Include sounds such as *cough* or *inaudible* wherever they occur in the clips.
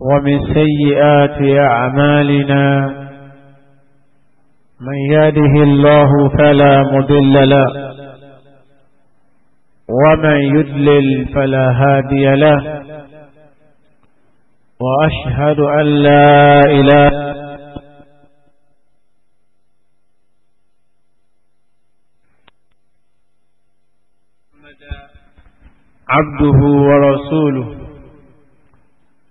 ومن سيئات أعمالنا من يهده الله فلا مضل له ومن يدلل فلا هادي له وأشهد أن لا إله عبده ورسوله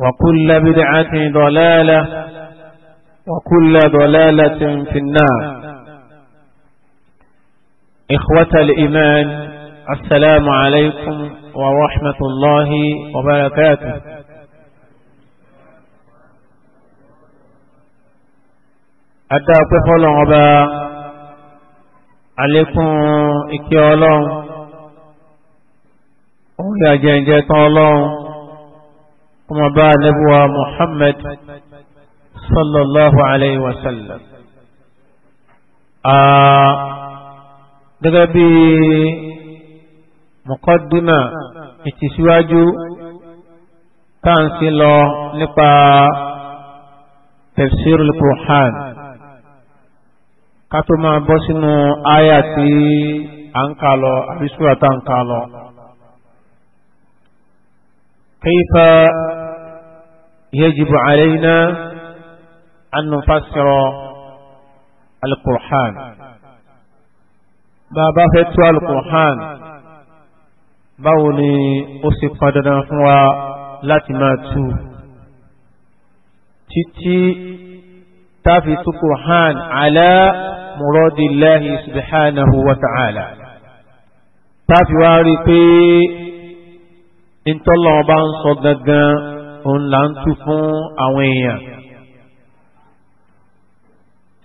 وكل بدعة ضلالة وكل ضلالة في النار إخوة الإيمان السلام عليكم ورحمة الله وبركاته أدى أقفل وبا عليكم إكيالون ويا جنجة الله kuma bá nabuwa Muhammad sallallahu alaihi wasallam gẹ́gẹ́ bí muqaddima ìtìsíwájú táǹsí lọ nípa tafsir al-Qur'an ká tó máa bọ́ sínú àyà tí à ń kà lọ àbí súrà tá à ń kà lọ. kayfa يجب علينا أن نفسر القرآن ما بفت القرآن بوني أسفدنا هو لاتماتو تتي تافت القرآن على مراد الله سبحانه وتعالى تافي واري في انت الله بان صدقنا òun là ń tú fún àwọn èèyàn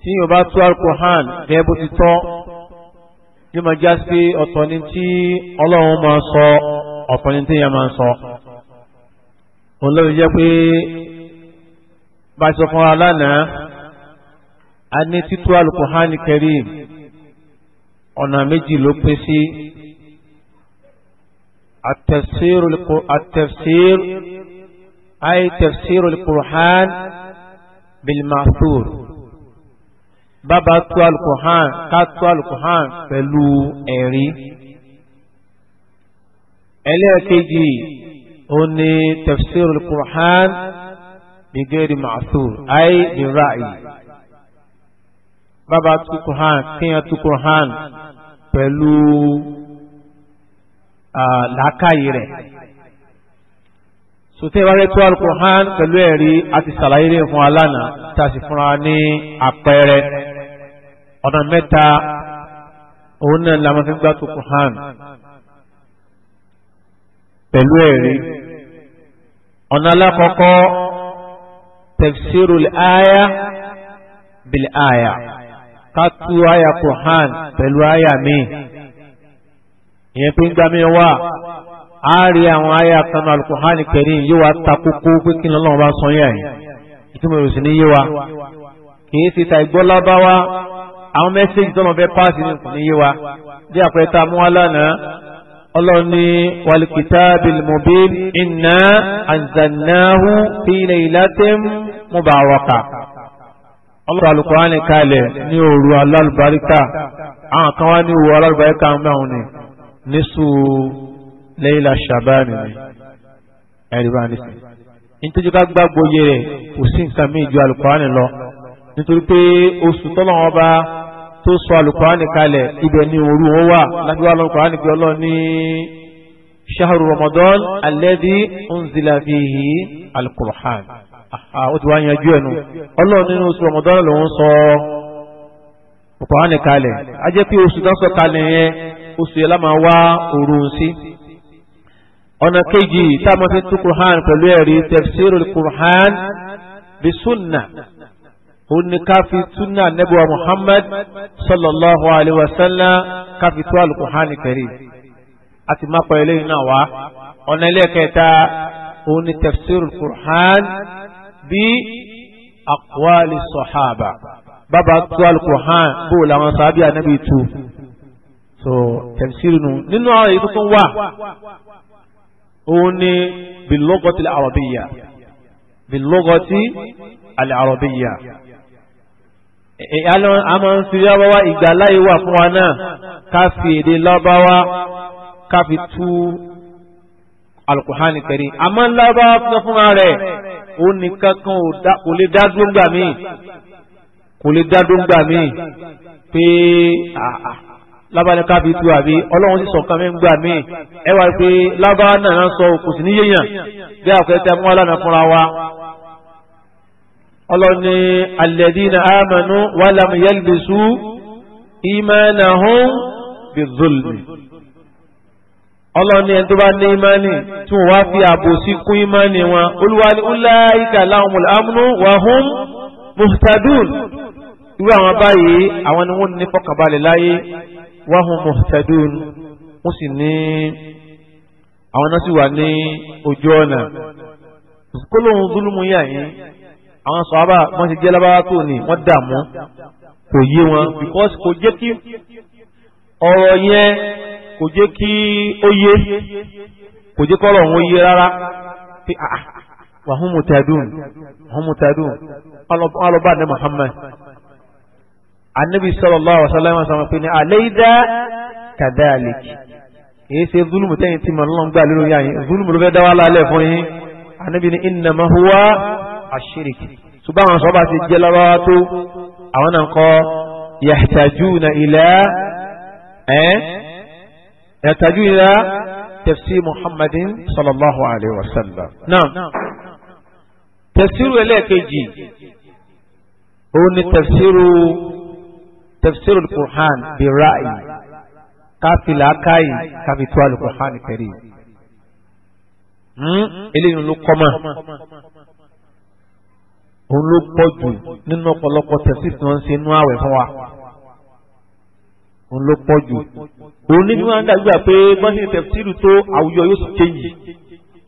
tí yóò bá tú alukohan gẹ́gẹ́ bó ti tọ́ yóò máa já sí ọ̀tọ̀ ní tí ọlọ́run máa sọ ọ̀tọ̀ ní tí èèyàn máa sọ òun ló fi jẹ́ pé bá a sọ fún wa lánàá a ní títú alukohan Karim ọ̀nà méjì ló pín sí atẹ̀síìrù أي تفسير القرآن بالمعثور bàbá tú alukuhan ká tú alukuhan pẹ̀lú ẹ̀rí. ẹlẹ́ẹ̀kejì ó ní tafsir alukuhan bigeri ma'thur ayé ní ra'i. bàbá tú kuhan kíyàn tú kuhan pẹ̀lú làákàyè rẹ̀ sòtẹ́ ìwárẹ́ tó alukur'an pẹ̀lú ẹ̀rí àti sàlàyé rẹ̀ fún alánà tá a sì fúnra ní àpẹẹrẹ ọ̀nà mẹ́ta òun náà la máa fi gbá tó kur'an pẹ̀lú ẹ̀rí ọ̀nà alákọ̀ọ́kọ́ tafsiru aya bil aya ká tú aya kur'an pẹ̀lú aya mi ìyẹn pé ń gbá mi wá a rí àwọn ayé àtànà alukuhani kẹrin yóò wá ta kókó pé kí ni ọlọ́run bá sọ yẹn àyè ìtumọ̀ ìròsì ní yé wa kìí ṣe ta ìgbọ́ lábáwá àwọn mẹ́sẹ̀gì tó wọn fẹ́ páàsì ní ní yé wa bí àpẹẹrẹ tá a mú wa lánàá ọlọ́run ní walkitabil mubin inna anzalnahu fi laylatin mubarakah ọlọ́run alukuhani kalẹ̀ ní òru alálùbáríkà àwọn kan wá ní òru alálùbáríkà mẹ́wọ̀n ní nísùú lẹ́yìn la ṣàbáànù ni ẹ̀rí bá ní sìn. nítorí ká gbàgbọ́ yé rẹ̀ kò sí nǹkan mí ju alùpàánì lọ nítorí pé oṣù tọ́lọ́wọ́n bá tó sọ alùpàánì kalẹ̀ ibẹ̀ ni òru wọn wà láti wá alùpàánì pé ọlọ́ọ̀ ní ṣahru ramadan alladhi unzila fihi alqur'an ó ti wá yanjú ẹnu ọlọ́ọ̀ nínú oṣù ramadan lòún sọ alùpàánì kalẹ̀ a pé oṣù tó sọ kalẹ̀ yẹn oṣù yẹn lá máa wá òru sí ọ̀nà kejì táwọn fi tú Qur'an pẹ̀lú ẹ̀rí tafsirul Qur'an bí sunna òun ni ká fi sunna nebuwa Muhammad sallallahu alayhi wa sallam ká fi tú al-Qur'an karim a ti máa pẹ̀lú ẹ̀yìn náà wá ọ̀nà ẹlẹ́kẹta òun ni tafsirul Qur'an bí aqwali sahaba bàbá tú al bó làwọn sábì ànábì tú so tafsir nù nínú àwọn èyí tuntun wà òun ni bilogoti al-arabiya bilogoti al-arabiya a máa ń fi lábáwá ìgbàláyé wà fún wa náà ká fi èdè lábáwá ká fi tú alukuhani kẹrin a máa ń lábáwá fún fúnra rẹ̀ ó nìkan kan kò lè dá dúró gbà mí kò lè dá dúró gbà mí pé lábáníká bíi tu àbí ọlọ́run sì sọ̀kan mi ń gbà mí ẹ wá pé lábá náà sọ kò sí ní yéèyàn bí àpẹẹtẹ mú alánà fúnra wa ọlọ́ni alladhina amanu wa lam yalbisu imanahum bizulmi ọlọ́ni ẹni tó bá ní imani tí wọ́n wá fi ààbò sí kún imani wọn olúwa ni ulaika lahumul amnu wa hum muhtadun irú àwọn báyìí àwọn ni wọ́n ní fọkànbalẹ̀ láyé wahum muhtadun wọ́n sì ní àwọn náà sì wà ní ojú ọ̀nà kólóhùn dúlùmù yà yín àwọn sọ̀hábà wọ́n ti jẹ́ lábára tó ní wọ́n dààmú kò yé wọn because kò jẹ́ kí ọ̀rọ̀ yẹn kò jẹ́ kí ó yé kò jẹ́ kọ́rọ̀ òun yé rárá pé ah wàhùn mùtàdùn wàhùn alọ́bàdàn Muhammad anabi sallallahu alaihi wasallam sọ pé ní àlẹ́dá kàdáàlìkì èyí ṣe zulumu tẹ́yìn tí mo lọ́n gbà lórí yáyìn zulumu ló fẹ́ dá wà lálẹ́ fún yín anabi ní innama huwa àṣírìkì ṣùgbọ́n àwọn sọ́ba ti jẹ́ lọ́wọ́ tó àwọn náà kọ́ yahtajuna ila ẹ̀ yahtajuna tafsir muhammadin sallallahu alaihi wasallam náà tafsiru ẹlẹ́ẹ̀kejì òun ni tafsiru tafsir al-Qur'an bi ra'i káfí làákàyè káfí tó al-Qur'an kẹrì eléyìí ló kọ́mà òun ló pọ̀ jù nínú ọ̀pọ̀lọpọ̀ tafsir tí wọ́n ń ṣe inú àwẹ̀ fún wa òun ló pọ̀ jù òun nínú wa ń dàgbà pé bọ́sì tafsir tó àwùjọ yóò sì kéyìí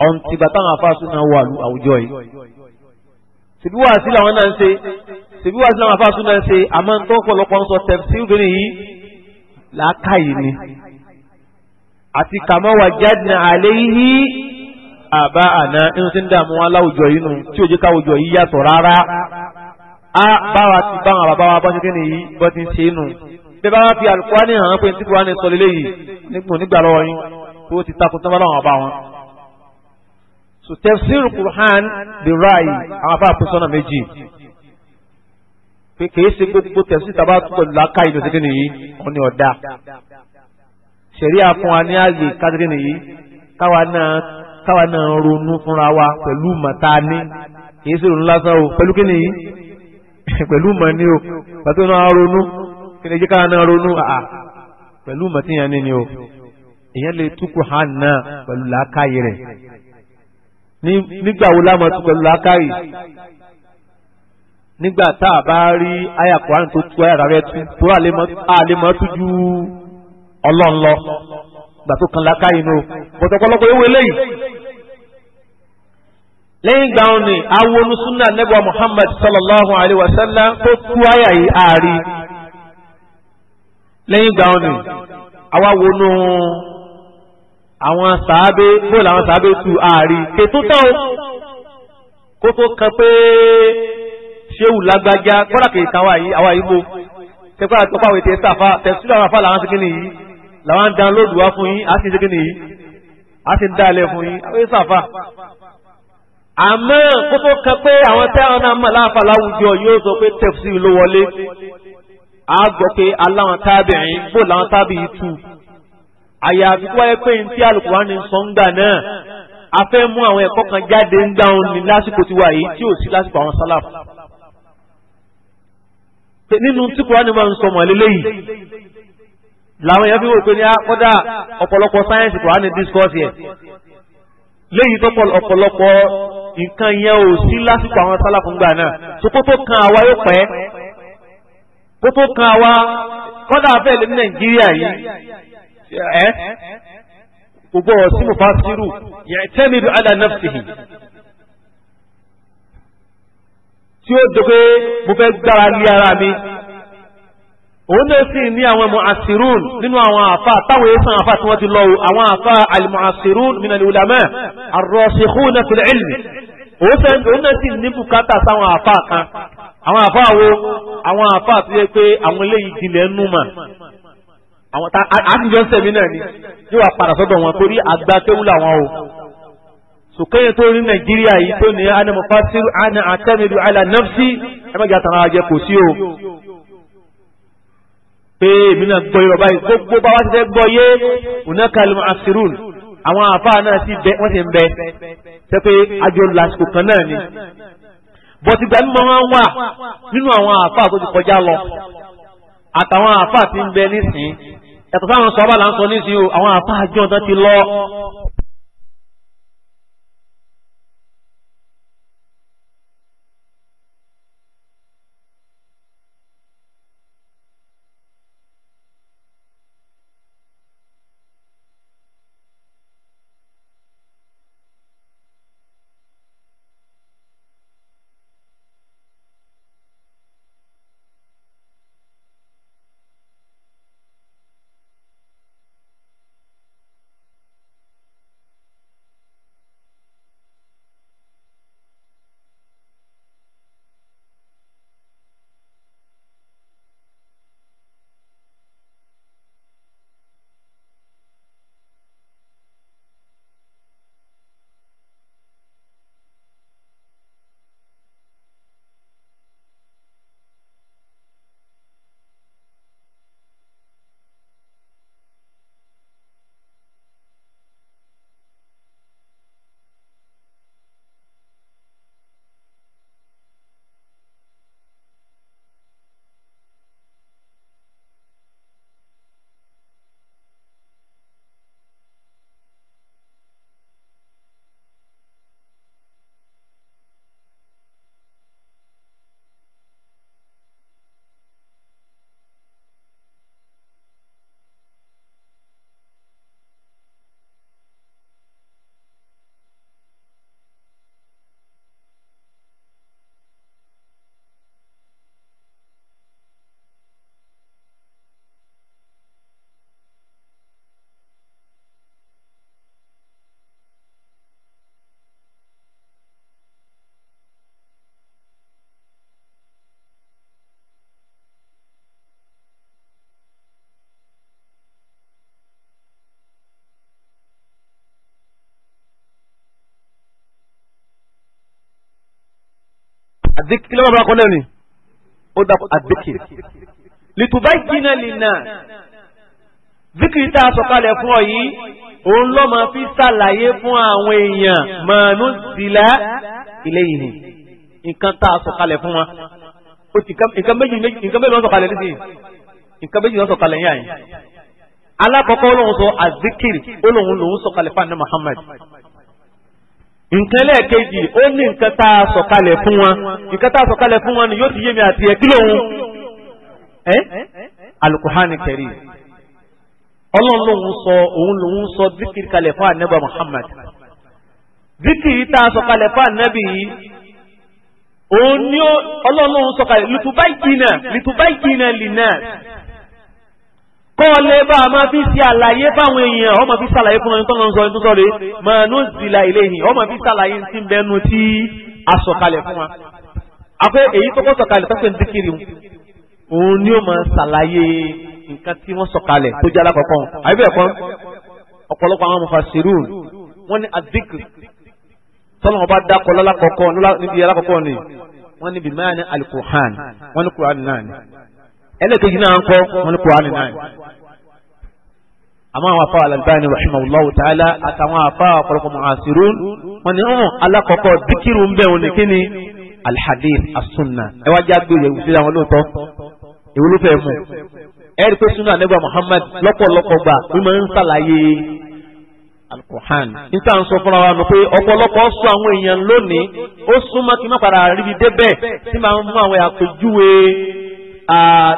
ọ̀n tìgbà táwọn afáàsùn náà wà àwùjọ yìí ṣèbí wàásù làwọn náà ń ṣe tèmi wá sí làwọn afáàsù náà ṣe àmọ́ nǹkan ọ̀pọ̀lọpọ̀ ń sọ tẹ̀sí obìnrin yìí làákàyè ni àti kàmọ́ wà jáde àlẹ́ yìí àbá àná inú tí ń dààmú wọn láwùjọ yìí nù tí òjò káwùjọ yìí yàtọ̀ rárá á báwa ti bá àwọn bàbá wa bọ́ sí kí nìyí bọ́ ti ń ṣe nù bí bá wá fi àlùkùránì hàn pé tí kùránì sọ lélẹ́yìí nígbà lọ́wọ́ yín tó ti takùn tán bá láwọn bá wọn so tafsir quran bi rai àwọn afa àpèsọ́nà méjì pé kìí ṣe gbogbo tẹ̀sí tàbá tó pẹ̀lú láká ìlú ṣe kíni yìí wọn ni ọ̀dà ṣẹ̀rí àfún wa ní ààyè káṣíkí nìyí káwa náà káwa náà ronú fúnra wa pẹ̀lú màtá ní kìí ṣe ronú lásán o pẹ̀lú kíni yìí *laughs* pẹ̀lú mọ̀ ní o pàtó náà ronú kíni jẹ́ káwa náà ronú àà pẹ̀lú mọ̀ tíyàn ni o èyàn lè túkù hàn náà pẹ̀lú làákàyè rẹ̀ nígbà wo lámọ̀ tó pẹ̀lú làákàyè nígbà tá a bá rí àyà Kùránì tó tú àyà rárẹ̀ tú tó àlèmọ́ tú ju ọlọ́run lọ gbà tó kan láká inú pọ̀tọ̀pọ̀lọpọ̀ ewé lẹ́yìn lẹ́yìn ìgbà wọn ni awonu sunna nebà Muhammad sallallahu alayhi wa sallam tó tú àyà yìí àárí lẹ́yìn ìgbà wọn ni àwa wonu àwọn sàábé bóòlù àwọn sàábé tú àárí kètò tán kó kan pé ṣéwù lágbájá kọ́dà kì í kan àwa ìbò tẹ́kọ́ àti ọ̀pá àwòtẹ́ sàfà tẹ̀sílù àwọn afá làwọn ṣẹ́kìnì yìí làwọn ń dánlóòdù wá fún yín á sì ṣẹ́kìnì yìí á sì ń dá ilẹ̀ fún yín àwọn sàfà. àmọ́ kó tó kan pé àwọn tẹ́ àwọn náà mọ̀ láàfà láwùjọ yóò sọ pé tẹ̀sílù ló wọlé á gbọ́ pé aláwọn tábìrin bò láwọn tábì yìí tù àyàfi tó wáyé pé ní tí àlùkùránì sọ ń gbà náà a fẹ́ mú àwọn ẹ̀kọ́ kan jáde ń gbà òun ní lásìkò tiwa yìí tí ò sí lásìkò àwọn sálàfù nínú tí kúránì máa ń sọ mọ̀ lélẹ́yìí làwọn èèyàn fi wò pé ní akọ́dà ah, ọ̀pọ̀lọpọ̀ sáyẹ́nsì kúránì discourse yẹn léyìí tó pọ̀ ọ̀pọ̀lọpọ̀ nǹkan yẹn ò sí lásìkò àwọn sálàfúngbà náà tó kó tó kan àwa yóò pẹ́ kó tó kan àwa kọ́dà bẹ́ẹ̀ lé ní nàìjíríà yìí ẹ́ gbogbo ọ̀sìn mufasiru yẹn tẹ́mi bí ala nafsihi tí ó dé pé mo fẹ́ gbára lé ara mi òun náà sì ní àwọn mu'asirun nínú àwọn àfa táwọn èèyàn sàn àfa tí wọ́n ti lọ àwọn àfa al-mu'asirun min al-ulama ar-rasikhuna fil ilmi òun náà sì ní bùkátà sáwọn àfa kan àwọn àfa wo àwọn àfa tó yẹ pé àwọn eléyìí jìnlẹ̀ ń nù mà àwọn tá a ti náà ni yóò wá padà sọ́dọ̀ wọn torí àgbà kéwú làwọn o sùkẹ́yìn tó rí nàìjíríà yìí tó ní ana mufasiru ana atamidu ala nafsi ẹ má jẹ́ àtàwọn ajẹ́ kò sí o pé èmi náà gbọ́ yorùbá yìí gbogbo bá wá ti fẹ́ gbọ́ yé unakalimu asirun àwọn àfáà náà sì bẹ wọ́n sì ń bẹ ṣe pé àjọ lásìkò kan náà ni bọ́tìgbà mímọ́ wọn wà nínú àwọn àfáà tó ti kọjá lọ àtàwọn àfáà ti ń bẹ nísìnyí yàtọ̀ sáwọn sọ́ọ́bà là ń sọ nísìnyí o àwọn àfáà àjọ àdékì kí ló bá kọ́ náà ni ó dàpọ̀ àdékì lìtùbá ìjìnà lìnà zikiri tá a sọ̀kalẹ̀ fún ọ yìí òun ló máa fi ṣàlàyé fún àwọn èèyàn màánú zìlá ilé yìí nǹkan tá a sọ̀kalẹ̀ fún wa ó ti nǹkan méjì nǹkan méjì ló sọ̀kalẹ̀ nísìnyí nǹkan méjì ló sọ̀kalẹ̀ yàn yìí alákọ̀ọ́kọ́ olóhùn sọ àzikiri olóhùn lòún sọ̀kalẹ̀ fún àná Muhammad nǹkan lẹ́ẹ̀kejì ó ní nǹkan tá a sọ̀kalẹ̀ fún wọn nǹkan tá a sọ̀kalẹ̀ fún wọn ni yóò ti yé mi àti ẹ̀ kí lóhun ẹ́ alukuhani kẹrì ọlọ́run lòun sọ òun lòun sọ zikiri kalẹ̀ fún anabi muhammad zikiri tá a sọ̀kalẹ̀ fún anabi yìí òun ni ọlọ́run sọ̀kalẹ̀ lùtùbáìkì náà lùtùbáìkì náà lì kọ́ọ̀lẹ́ bá a máa fi ṣe àlàyé fáwọn èèyàn ọmọ fi ṣàlàyé fún ọyún tó lọ sọ ọyún tó sọ rè máa ló zìlà ìléyìn ọmọ fi ṣàlàyé ti bẹnu tí a sọ̀kalẹ̀ fún wa. àpẹ èyí tó kọ́ sọ̀kalẹ̀ tó pè ní zikiri òun ni ó máa ṣàlàyé nǹkan tí wọ́n sọ̀kalẹ̀ tó jẹ́ alákọ̀ọ́kọ́ àbí bẹ́ẹ̀ kọ́ ọ̀pọ̀lọpọ̀ àwọn mufasirun wọ́n ní azikr tọ́lọ́ wọn bá dákọ̀ ni wọ́n ní bìmáà ẹlẹ́kejì náà ń wọn ní kùránì náà àmọ́ àwọn afáwà Al-Albani rahimahullahu ta'ala àtàwọn afáwà ọ̀pọ̀lọpọ̀ mu'asirun wọn ni ọ̀hún alákọ̀ọ́kọ́ díkìrù ń bẹ̀ wọn ní kíni alhadith as-sunnah ẹ wá já gbé ìwé sílẹ̀ àwọn Muhammad lọ́pọ̀lọpọ̀ al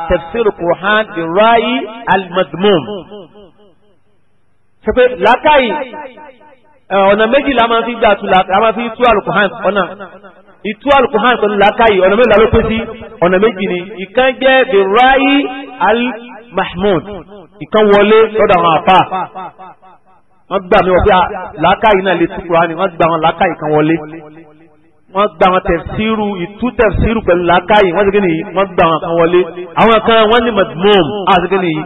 tafsir Qur'an bi ra'i al-madmum ṣe pé làákàyè ọ̀nà méjì la máa fi gbà tu la máa fi tú al-Qur'an ọ̀nà ìtú al-Qur'an pẹ̀lú làákàyè ọ̀nà méjì la ló pé sí ọ̀nà méjì ni ìkan jẹ́ bi ra'i al-mahmud ìkan wọlé lọ́dọ̀ àwọn àpá wọ́n gbà mí wọ́n pé ah, làákàyè náà lè tú Qur'an wọ́n gbà wọn làákàyè kan wọlé wọ́n gba àwọn tẹ̀síìrù ìtú tẹ̀síìrù pẹ̀lú làákàyè wọ́n ti gé nìyí wọ́n gba àwọn kan wọlé àwọn kan wọ́n ní madmum àti gé nìyí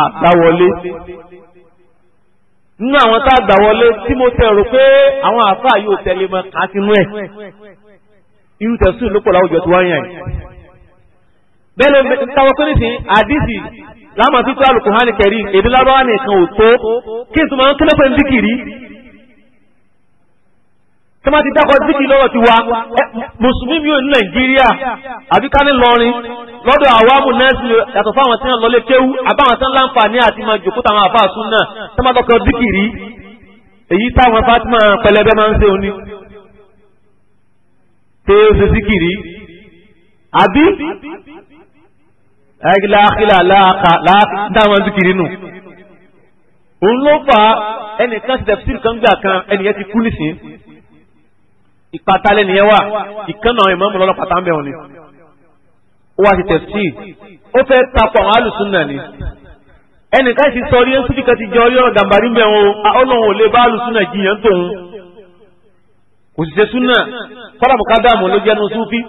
àgbà wọlé. nínú àwọn tá a gbà wọlé tí mo tẹ̀ rò pé àwọn àáfàá yóò tẹ̀lé mọ́ ká sínú ẹ̀ irú tẹ̀síìrù ló pọ̀ láwùjọ tí wọ́n yàn yìí. bẹ́ẹ̀ ni táwọn pé nìsín àdìsí lámàtútù àlùkò hánìkẹ́rì èdè lábáwá nìkan ò tó kí tí wọ́n ti dákọ̀ díkì lọ́rọ̀ ti wa mùsùlùmí mi ò ní nàìjíríà àbí ká ní lọrin lọ́dọ̀ àwámù nẹ́ẹ̀sì yàtọ̀ fáwọn tí wọ́n lọ lé kéwú àbáwọn tí wọ́n láǹfààní àti máa jòkó táwọn àbá àsún náà tí wọ́n dákọ̀ díkì rí èyí táwọn fatima pẹlẹbẹ máa ń ṣe òní pé ó ṣe díkì rí àbí láàkìlà láàkìlà díkì rí nù òun ló fà ẹnìkan ti tẹ̀síìrì kan gbà kan ẹnìyẹn ti kú nísìnyí ìpàtàlẹ́ nìyẹn wà ìkànnà àwọn ìmọ̀ọ́mù lọ́lọ́ pàtà ń bẹ̀ wọn ni ó wá ti tẹ̀sí ó fẹ́ tapọ̀ àwọn alùsùnà ni ẹnìkan sì sọ rí ẹnsúfì kan ti jẹ ọrí ọ̀rọ̀ gàmbarí mẹ́ wọn ọlọ́run ò lè bá alùsùnà jiyàn tóun kò sì ṣe súnà kọ́lá mùkádàmù ló jẹ́ nu súfì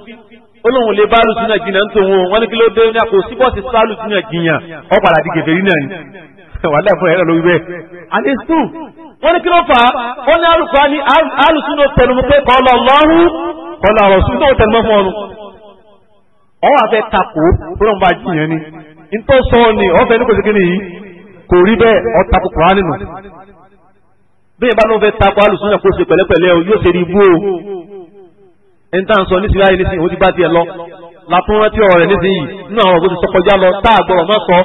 olóhùn lè bá alùsùnà jiyàn tóun wọn ní kí ló dé ní àpò síbọ̀sì sálùsùnà jiyàn ọ̀ padà di ni. *laughs* wàhálà ìfúnra ẹ̀rọ lórí bẹ́ẹ̀ àti sùn wọ́n ní kí ló fà á wọ́n ní alùpàá ní alùsùn náà tẹnumọ́ pé kọ́lọ̀ lọ́rùn kọ́lọ̀ ọ̀rọ̀ sùn náà tẹnumọ́ fún ọ̀run ọwọ́ àfẹ́ takò fúnra bá jìyàn ni ntọ́ sọ ni ọ̀fẹ́ ní kò sí kíni yìí kò rí bẹ́ẹ̀ ọ̀takò kùrán nínú bẹ́ẹ̀ bá ló fẹ́ takò alùsùn náà kó ṣe pẹ̀lẹ́pẹ̀lẹ́ o yóò ṣe rí ibú o ẹni tá à ń sọ nísìnyí láyé nísìnyí òun ti bá tiẹ̀ lọ látún rántí ọ̀rọ̀ rẹ̀ nísìnyí nínú àwọn ògùn ti sọkọjá lọ tá a gbọ́dọ̀ máa sọ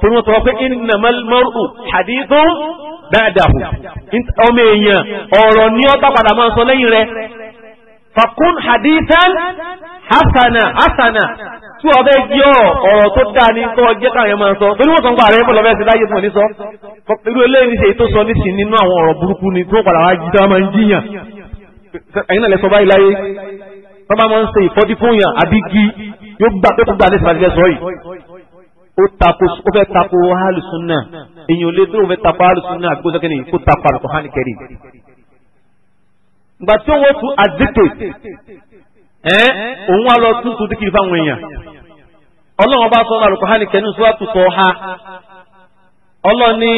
torí wọ́n sọ pé innamal mar'u hadithun ba'dahu ọmọ èèyàn ọ̀rọ̀ ní ọ́ tápadà máa sọ lẹ́yìn rẹ̀ fakun hadithan hasana hasana tí wọ́n bẹ́ẹ̀ jí ọ̀rọ̀ ọ̀rọ̀ tó dáa ní kọ́ jẹ́ káwọn yẹn máa sọ torí wọ́n sọ ń pa ààrẹ pọ̀lọ́fẹ́ sí láyé tí wọ́n ní sọ irú eléyìí ṣe tó sọ nísìn nínú àwọn ọ̀rọ̀ burúkú ni tí padà wá jí wọ́n bá máa ń ṣe ìfọ́dí fún yàn àbí igi yóò gbà pé kó gbà lẹ́sìn àti ẹ̀sọ́ yìí ó tako ó fẹ́ tako alùsùnà èyàn ò lè dúró fẹ́ tako alùsùnà àgbóso kẹ́ni kó tako alùsùnà kẹ́ni. ìgbà tí wọ́n tún àdìkè ẹ́ òun wá lọ tún tún díkìrì fáwọn èèyàn ọlọ́run bá sọ alùsùnà kẹ́ni sọ́wọ́tù sọ ha ọlọ́ni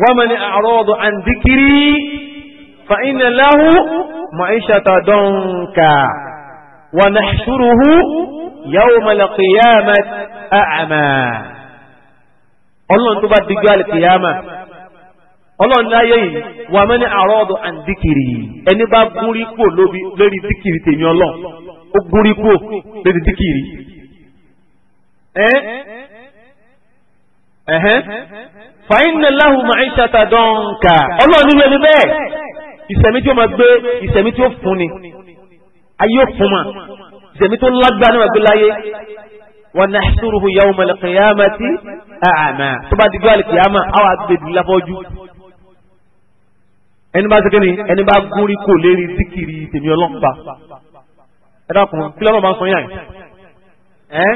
wọ́n mẹ́ni àrọ́ọ̀dọ̀ àǹdíkìrì fa inna lahu ma'ishata donka wa nahshuruhu yawmal qiyamati a'ma ọlọ́run tó bá digbó alìkìyàmà ọlọ́run láyé yìí wà mọ́ ní àrọ́ọ̀dọ̀ àǹdíkìrì ẹni bá gúnrí kò lórí díkìrì tèmi ọlọ́run ó gúnrí kò lórí díkìrì fàyín náà ìsẹ̀mí tí ó máa gbé ìsẹ̀mí tí ó fún ni ayé òfun mà ìsẹ̀mí tó lágbára ní wàgbé láyé wa nahsuruhu yawma al-qiyamati a'ma tó bá digbó àlùkìyàmà àwọn àgbèdì láfọ́jú ẹni bá sẹ́kẹ́ni ẹni bá gúnrí kò lérí síkìrì tèmi ọlọ́pàá ẹ dákun kí lọ́nà máa ń sọ yàn ẹ́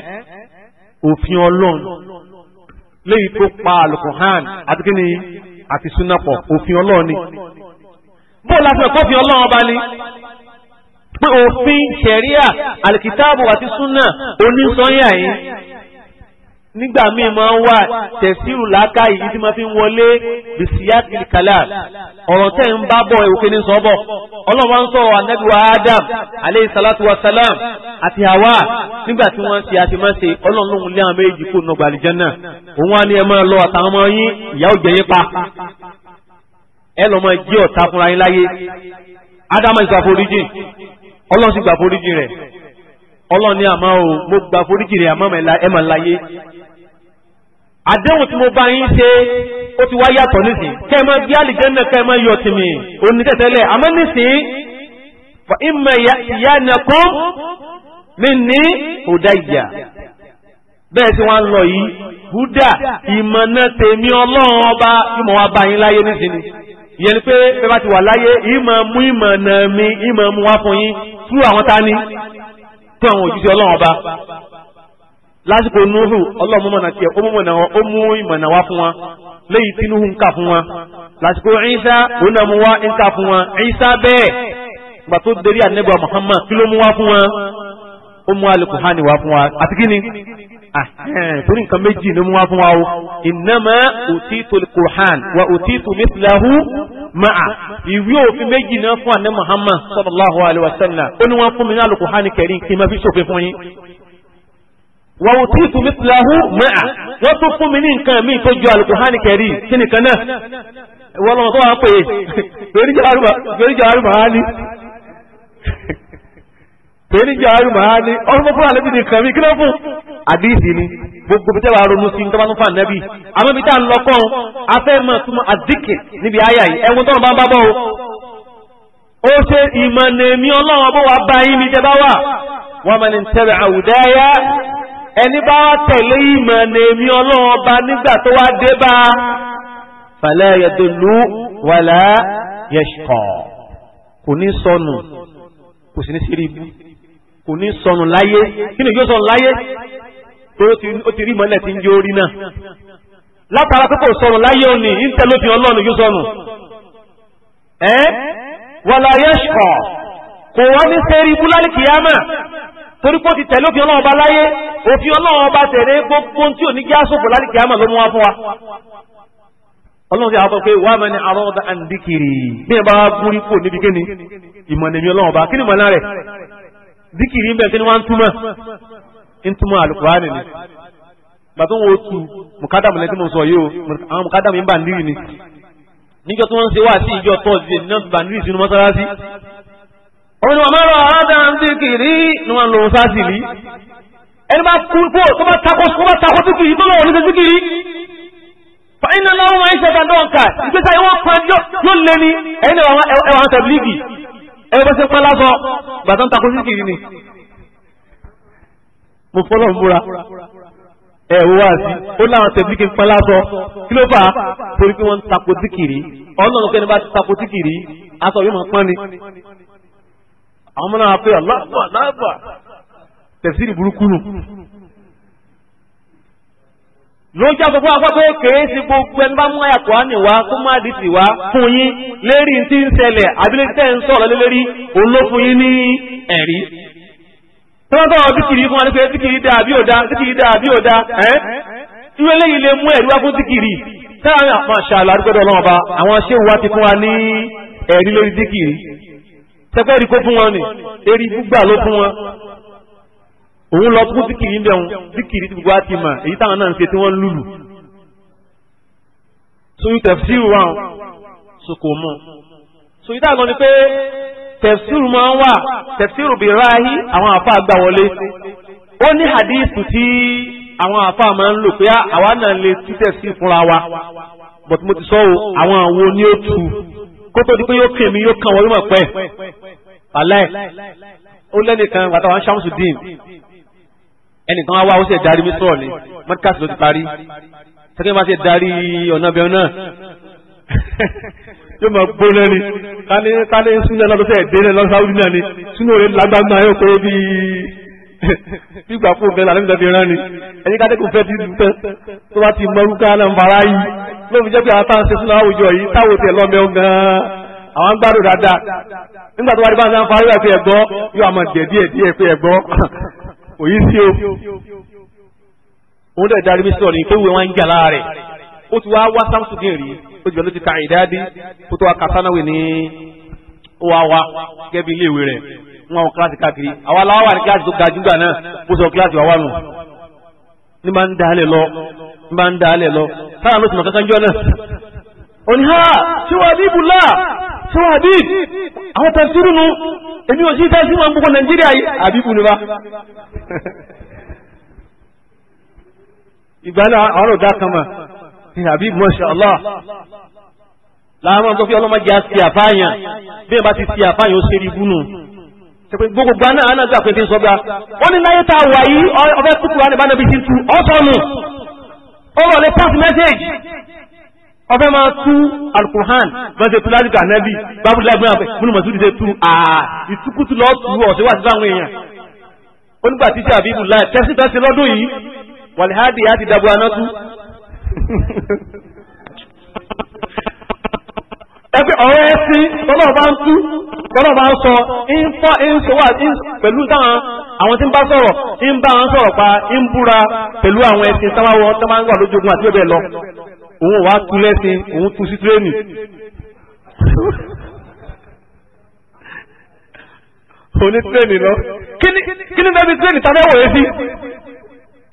òfin ọlọ́run léyìí tó pa àlùkò hàn àti kíni àti súnà òfin ọlọ́run ni bó láti ẹ̀kọ́ fi ọlọ́run ọba ni pé òfin ṣẹ̀ríà àlìkìtáàbù àti súnà onísọ́yà yìí nígbà míì máa ń wà tẹ̀síìrù láká yìí tí máa fi ń wọlé bìsíyàtì kàlà ọ̀rọ̀ tẹ̀ ń bá bọ̀ èwòké ní sọ́bọ̀ ọlọ́run bá ń sọ̀rọ̀ anábìwá Adam aleyhi salatu wa salam àti Hawa nígbà tí wọ́n ṣe àti máa ṣe ọlọ́run lóhun lé àwọn méjì kó nọgbà àlìjẹ́ náà òun wá ní ẹ máa lọ àtàwọn ọmọ yín ìyá òjẹ́ yín pa ẹ lọ́ mọ jí ọ̀tá fúnra yín láyé ádámà ìgbà foríjìn ọlọ́run sì gbà foríjìn rẹ̀ ọlọ́run ní àmọ́ o mo gbà foríjìn rẹ̀ àmọ́ ẹ mà láyé àdéhùn tí mo bá yín ṣe ó ti wá yàtọ̀ nísìn kẹ́ ẹ mọ bí àlìjẹ́nà kẹ́ ẹ mọ yọ tìmí onítẹ̀tẹ̀lẹ̀ àmọ́ nísìn fa ìmọ̀ ìyá nìkan mi ní òdà ìyà bẹ́ẹ̀ tí wọ́n lọ yìí búdà ìmọ̀nà tèmi ọlọ́run ọba yìí mọ̀ wá bá yín láyé nísìn ìyẹn ni pé bẹ́ẹ̀ bá ti wà láyé ìmọ̀ mú ìmọ̀ nà mí ìmọ̀ mú wá fún yín fún àwọn tání fún àwọn òjúṣe ọlọ́run ọba lásìkò nuhu ọlọ́run mọ̀mọ́ náà tiẹ̀ ó mọ̀mọ́ náà ó mú ìmọ̀ náà wá fún wa léyìí tí nuhu ń kà fún wa lásìkò Ìsá òun náà mú wá ń kà fún wa Ìsá bẹ́ẹ̀ gbà tó dérí ànẹ́bà Muhammad kí ló mú wá fún wa ó mú alẹ́ kùhánì ni Ah, eh, torí nǹkan méjì ni mo wá fún wa o innama utitu al-Qur'an wa utitu mithlahu ma'a ìwé òfin méjì náà fún àná Muhammad sallallahu alayhi wa sallam ó ní wọ́n fún mi ní al-Qur'an karim kí fi ṣòfin fún yín wa utitu mithlahu ma'a wọ́n tún fún mi ní nǹkan míì tó ju al-Qur'an karim kí nìkan náà wọ́n lọ́wọ́ tó wà pé lórí tẹ́lẹ̀ jẹ́ àrùn màá ní ọlọ́mọ fún àlẹ́bí nìkan mi kí ló fún. àdìsí ni gbogbo bí tẹ́wàá ronú sí nítorí wọn fún ànábì àmọ́ bí tá à ń lọ kọ́ afẹ́ mọ̀ túmọ̀ àdìkì níbi àyà yìí ẹ̀wọ̀n tó ń bá ń bá bọ̀ o. ó ṣe ìmọ̀nẹ̀mí ọlọ́run bó wa bá yín ní jẹba wà wọ́n mọ̀ ní tẹ̀lé àwùdáyà ẹni bá wa tẹ̀lé ìmọ̀nẹ̀mí ọlọ́run ọba kò ní sọnù kò sì ní sírí ibú kò ní sọnù láyé kí ni yóò sọnù láyé torí ó ti rí mọ́lẹ̀ tí ń jó orí náà látara pé kò sọnù láyé òní ìtẹ́lódì ọlọ́run yóò sọnù ẹ́ wàlá yẹ́ṣkọ̀ kò wá ní sẹ́rí búláàlì kìyàmà torí pé ó ti tẹ̀lé òfin ọlọ́run ọba láyé òfin ọlọ́run ọba tẹ̀lé gbogbo tí ò ní kí á sòfò láti kìyàmà ló mú wá fún wa ọlọ́run ti àwọn pé wà mẹ́ni àrọ́dà àǹdíkiri bí ẹ bá gúnrí kò níbi kíni ìmọ̀nà èmi ọlọ́run ọba kí ni ìmọ̀nà rẹ̀ zikiri bẹ́ẹ̀ kí ni wọ́n ń túmọ̀ ń túmọ̀ alukurani ni gbàtọ́ wọn ó tu mukadamu lẹ́tí mo sọ yìí o àwọn mukadamu yìí ń bà níyì ni níjọ tí wọ́n ń ṣe wá sí ìjọ tọ́sídẹ̀ ní náà bà níyì sínú mọ́sálásí. ọmọ ni wọn máa ń rọ aráàdá ń zikiri ni wọn ń lo sáàsì rí ẹni bá kú kó tó bá takò tó bá takò zikiri tó lọ́wọ́ níṣẹ́ zikiri. fàyínà láwọn máa ń ṣe àtàndọ́ọ̀kà ìgbésẹ̀ yẹn wọ́n pa yóò lé ní ẹ̀yin ẹ bá ṣe pẹ́ lásọ gbàtàn takò síkìrì ni mo fọlọ́ ń búra ẹ wò wá sí ó láwọn tẹ̀lé kí n pẹ́ lásọ kí ló fà á torí pé wọ́n ń takò síkìrì ọlọ́run kẹ́ni bá ti takò síkìrì aṣọ yóò máa pọ́n ni àwọn ọmọ náà fẹ́ aláàbà aláàbà tẹ̀síìrì burúkú nù ló ń jáde fún apá pé kèé sí gbogbo ẹni bá mú àyàkọ́ á nìwá kó má di tìwá fún yín lérí tí ń ṣẹlẹ̀ abilé tẹ́ ń sọ̀rọ̀ lélẹ́rí òun ló fún yín ní ẹ̀rí. tọ́lá sọ̀rọ̀ síkìrì fún wa ní pé síkìrì dá àbí òdá síkìrì dá àbí òdá ẹ́ irú eléyìí lè mú ẹ̀rí wá fún síkìrì táwọn àwọn àṣà àlárúgbọ́dọ̀ ọlọ́wọ́n bá àwọn ṣéwù wá ti fún wa ní ẹ̀rí lórí síkìrì tẹ́fẹ́ rí kó fún wọn ni erí gbúgbà ló fún wọn òun lọ fún zikiri ń bẹ̀rù zikiri tí gbogbo àti mà èyí táwọn náà ń ṣe tí wọ́n ń lùlù soyu tẹ̀fsíìrù wa so kò mọ̀ soyu táwọn ni pé tẹ̀fsíìrù máa ń wà tẹ̀fsíìrù bí ráàyè àwọn àfa gbà wọlé ó ní hadithu tí àwọn àfa máa ń lò pé àwa náà lè tú tẹ̀fsíìrù fúnra wa bọ̀tí mo ti sọ o àwọn àwo ni ó tu kó di pé yóò kàn mí yóò kàn wọ́n ló mọ̀ pẹ́ alẹ́ ó lẹ́nìkan wàtá ṣàmùsùn dín ẹnìkan wá ó sì darí mi sọ̀rọ̀ ni mọ́tíkàsì ló ti parí sẹ́kẹ́ máa ṣe darí ọ̀nà bẹ̀rẹ̀ náà *laughs* yóò máa gbóná ni kálí kálí súnà lọ́dọ̀ fẹ́ẹ̀ dé náà lọ́dọ̀ sáwùdí náà ni súnà rẹ̀ lágbàgbà yóò pé bí *laughs* bí ìgbà kó bẹ́ẹ̀ làlẹ́ rán ni ẹni ká dẹ́kun fẹ́ dídú tán tó bá ti mọ orúkọ náà ń fara yìí ló fi jẹ́ pé àwọn táwọn ṣe súnà àwùjọ yìí táwọn tẹ̀ lọ́mẹ́ gan-an àwọn gbádùn dáadáa nígbà tó wá dé bá ń sáfà yóò pé ẹ̀gbọ́ yóò àmọ̀ díẹ̀ díẹ̀ díẹ̀ *laughs* oyisi sí o òun dẹ̀ darí mi sọ̀rọ̀ ní pé wíwẹ̀ wọn ń jà lára ó ti wá wá rí ó ti bẹ̀rẹ̀ ka ìdádi kó tó wa kàtánàwé ní wa wa gẹ́gẹ́ bí iléèwé rẹ̀ ń wá wọn kíláàsì káàkiri àwa làwa wà ní kíláàsì tó ga júgbà náà bó sọ kíláàsì wà wà nù ní bá ń dalẹ̀ lọ ní bá ń lọ sáà ṣé wà bíi àwọn tẹ̀síìrù nu èmi ò sí tẹ̀síìrù wọn gbogbo nàìjíríà yìí àbíkù ni wa. *laughs* ìgbà náà àwọn ọ̀dà kan mà ní àbíkù masha Allah láàmú tó fi ọlọ́mọ jẹ́ àti àfáàyàn bí ẹ bá ti ti àfáàyàn ó ṣe rí bú nù gbogbo gba náà náà gbà pé fi ń sọ gba wọn ní láyé tá a wà yìí ọbẹ̀ tukù wa ní bá nàbí ti tu ọ̀sọ̀nù ó rọ̀ lé pass message ọfẹ́ máa tú alukuhan lọ́sẹ̀ tú lásìkò ànábì bábúlé lágbóyà pé múnú mọ̀sùlùmí ṣe tú àà ìtukùtù lọ́ọ́ tú ọ̀sẹ̀ wà sí fáwọn èèyàn onígbà tí ṣe àbíbù láì tẹ́sí tẹ́sí lọ́dún yìí wàlíhádì á ti dàbò aná tú. *laughs* ẹ pé ọ̀rọ̀ ẹ̀sìn tọ́lọ̀ bá ń tú tọ́lọ̀ bá ń sọ ń fọ́ ń sọ wà pẹ̀lú táwọn àwọn tí ń bá sọ̀rọ̀ ń bá wọn sọ̀rọ̀ pa ń búra pẹ̀lú àwọn ẹ̀sìn táwọn tó máa ń wà lójoogun àti bẹ́ẹ̀ lọ òun wàá tu lẹ́sìn òun tu sí tírénì. òní tírénì lọ kí ni bẹ́ẹ̀ tírénì tàbí ẹ̀wọ̀ yẹn sí.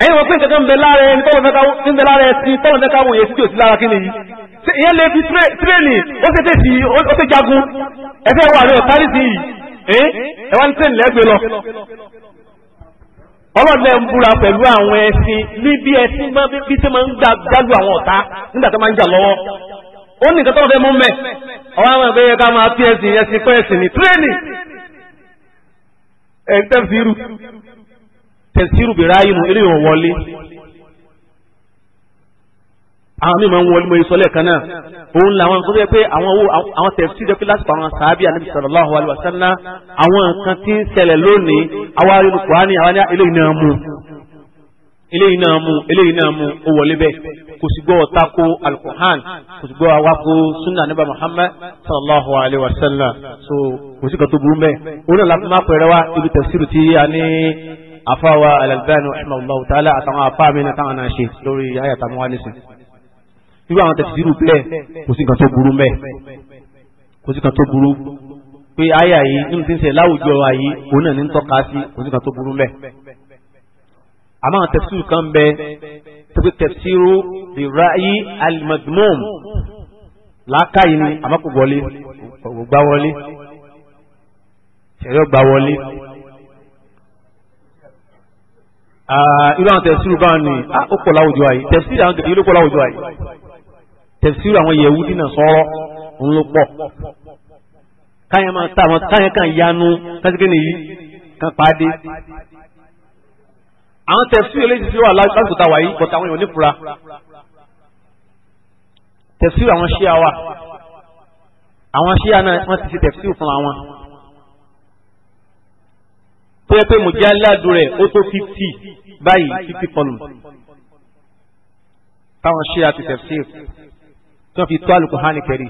ẹ̀yin wọ́n pè ń kankan ń bẹ lára ẹni tọ́lọ̀ mẹ́ka ń bẹ lára ẹ̀sìn tọ́lọ̀ mẹ́ka wọ̀nyẹn sí tí ò sí lára kí ni yìí. ìyẹn lè fi tírénì ó ṣe tèsí ó ṣe jagun ẹ̀fẹ́ wà ní ọ̀tárìsì yìí ẹ̀ wá ní tírénì lẹ́gbẹ̀ẹ́ lọ ọlọ́dẹ ń búra pẹ̀lú àwọn ẹṣin ní bí ẹṣin máa bí tí máa ń gbà gbádùn àwọn ọ̀tá nígbà tó máa ń jà lọ́wọ́ ó ní nǹkan tó fẹ́ mú mẹ́ ọwọ́ àwọn ẹgbẹ́ yẹn ká máa pí ẹṣin yẹn sí pé ní tírénì ẹ̀ ń tẹ̀síìrù tẹ̀síìrù bèrè mu eré ìwọ̀n wọlé àwọn mímọ wọn mọ ìsọlẹ kan náà òun làwọn nǹkan tó yẹ pé àwọn owó àwọn tẹ̀sí jẹ́ pé lásìkò àwọn sàábì ànábì sallallahu alaihi wasallam àwọn nǹkan tí ń ṣẹlẹ̀ lónìí àwa nínú Kùránì àwa ní eléyìí náà mú eléyìí náà mú eléyìí náà mú ó wọlé bẹ́ẹ̀ kò sì gbọ́ ọ̀tá kó al kò sì gbọ́ àwa kó sunna níbà Muhammad sallallahu alaihi wasallam so kò sí kan tó burú mẹ́ òun náà láti má pẹ̀rẹ́ wa ibi tẹ̀síìrì tí a ní afáwa al-Albani rahimahullahu ta'ala àtàwọn afáàmì náà táwọn náà ṣe lórí ayàtàmúwálẹ́sìn irú àwọn tẹ̀síìrù bẹ́ẹ̀ kò sí nǹkan tó burú mẹ́ kò sí nǹkan tó burú pé àyà yìí nínú tí ń ṣe láwùjọ àyè òun náà ní ń tọ́ka sí kò sí nǹkan tó burú mẹ́ àmọ́ àwọn tẹ̀síìrù kan bẹ tẹ́pẹ́ tẹ̀síìrù lè ra yí alimadumum làákàyè ni àmọ́ kò wọlé kò gbá wọlé ṣẹ̀rẹ́ gbá wọlé irú àwọn tẹ̀síìrù báwọn ni ó pọ̀ láwùjọ àyè tẹ̀síìrù àwọn tẹ̀síìrù ló pọ̀ láwùjọ àyè tẹ̀síwìrì àwọn yẹ̀wúdí náà sọ̀rọ̀ ń ló pọ̀ káyọ̀ máa ta àwọn káyọ̀ kan yanu kásìkè nìyí kan pàdé àwọn tẹ̀síwìrì eléyìí ti wà lásìkò tá a wà yìí bọ̀tà àwọn èèyàn nífura tẹ̀síwìrì àwọn ṣíà wà àwọn ṣíà náà wọ́n ti ṣe tẹ̀síwìrì fún àwọn tó yẹ pé mùjáládù rẹ̀ ó tó fifty báyìí fifty column táwọn ṣíà ti tẹ̀síwìrì tí wọ́n fi tó alukuhani kẹrì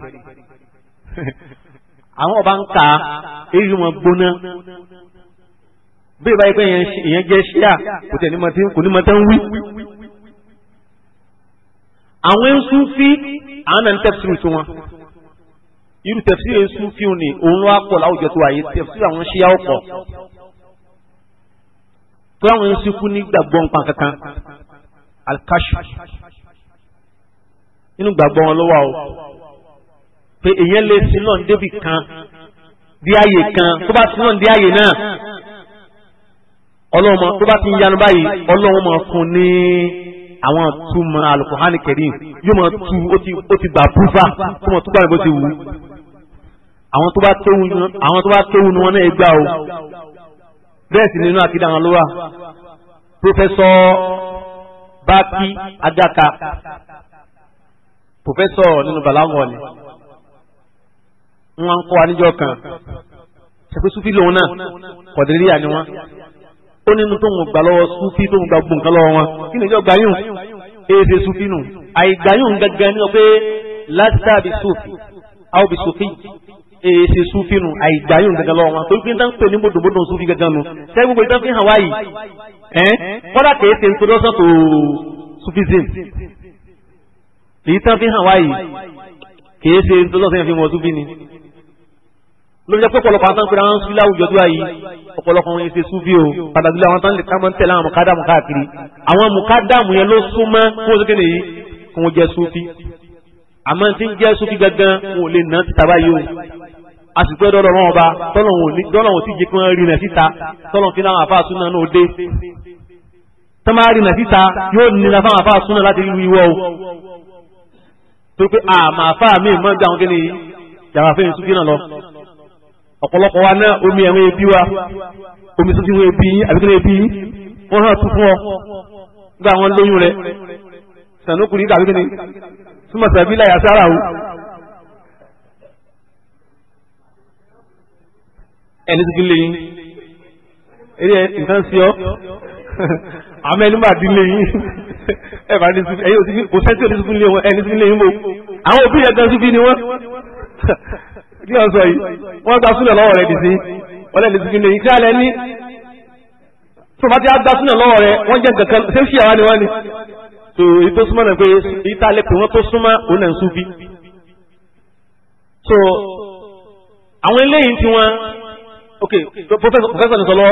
àwọn ọba ń ka èyí wọn gbóná bí ìbáyé pé ìyẹn jẹ́ ṣíà kò tẹ̀ kò ní mọ̀tẹ́ ń wí. àwọn ń sún fí àwọn náà ń tẹ̀síwì sí wọn irú tẹ̀síwì ń sún fí wọn ni òun ló pọ̀ láwùjọ tó wáyé tẹ̀síwì àwọn ṣíà ọ̀pọ̀ tó àwọn ń sún fún ní gbàgbọ́ nǹkan kankan alkashu nínú gbàgbọ́ wọn ló wà o pé èèyàn lè sin náà débì kan dí ààyè kan tó bá sin náà dí ààyè náà ọlọ́mọ tó bá ti ń yanu báyìí ọlọ́wọ́n máa fún ní àwọn túmọ̀ alukuhani kẹrin yóò máa tu ó ti gbà púfà tó máa túbọ̀ rẹ̀ bó ti wù àwọn tó bá kéwu ni wọn náà gbà o bẹ́ẹ̀ sì nínú àkídà àwọn ló wà pòfẹ́sọ̀ bákí adáka pòfẹ́sọ̀ nínú balangọ ni wọ́n ń kọ́ aníjọ́ kan ṣẹ̀pẹ́ sufi lòun náà kọ̀dẹ́rẹ́yà ni wọ́n ó nínú tó ń gbà lọ́wọ́ sufi tó ń gba gbogbo nǹkan lọ́wọ́ wọn kí ni ìjọ gbàyùn èdè sufi nù àìgbàyùn gẹ́gẹ́ ní ọ pé látà bí sufi àwọn bí sufi èsì sufi nù àìgbáyùn gangan lọ́wọ́ wọn torí pé n tán pè ní bòdòbòdò sufi gangan nù sẹ́yìn gbogbo ìtàn fi hàn wáyìí ẹ́ kọ́dà kìí èyí tán fi hàn wáyìí kìí ṣe ntọ́lọ́sẹ̀ fi mọ̀ súfì ni lórí jẹ́ pọ̀pọ̀lọpọ̀ àwọn pẹ̀lú àwọn súfì láwùjọ tó wáyìí ọ̀pọ̀lọpọ̀ wọn ṣe súfì o pàtàkì àwọn tán lè ká mọ́ ń tẹ̀lé àwọn mùkádàmù káàkiri àwọn mùkádàmù yẹn ló súnmọ́ fún oṣù kéde yìí kí wọ́n jẹ́ súfì àmọ́ tí ń jẹ́ súfì gangan wọn ò lè ná títa báyìí o a sì pẹ́ dọ́dọ̀ wọn ọba tọ́lọ̀wọ̀n ti jẹ́ kí wọ́n rìnà síta tọ́lọ̀ fi láwọn àfáà súnà náà dé tọ́ máa rìnà síta yóò nira fáwọn àfáà súnà láti rí ìwọ́ o torí pé àmà àfáà mi mọ́ bí àwọn kíni yàrá fẹ́yìn sókè náà lọ ọ̀pọ̀lọpọ̀ wa náà omi ẹ̀wọ̀n ebi wa omi sókè wọn ebi yín àbíkẹ́lẹ́ ebi yín wọ́n hàn tún fún ọ nígbà wọn lóyún rẹ sànúkùnrin dàbí kíni súnmọ̀ sàbí láyà sára o ẹni tó fi lé yín eré nǹkan sí ọ *laughs* àmọ́ ẹni bá dín lé yín ẹ bá ní sufi ẹ̀yin òsì kò sẹ́ńtì òní sufi nílé wọn ẹni sufi nílé yín bò àwọn òbí yẹn gan sufi ni wọ́n kí wọ́n sọ yìí wọ́n gba súnà lọ́wọ́ rẹ̀ dìsí wọ́n lẹ́ni sufi nílé yín kí alẹ́ ní tó bá ti á gba súnà lọ́wọ́ rẹ̀ wọ́n jẹ́ kankan ṣé fi àwa ni wọ́n ni tó èyí tó súnmọ́ náà pé èyí tá a lè pè wọ́n tó súnmọ́ òun náà ń sufi so àwọn eléyìí tí wọ́n ok professor professor nìkan lọ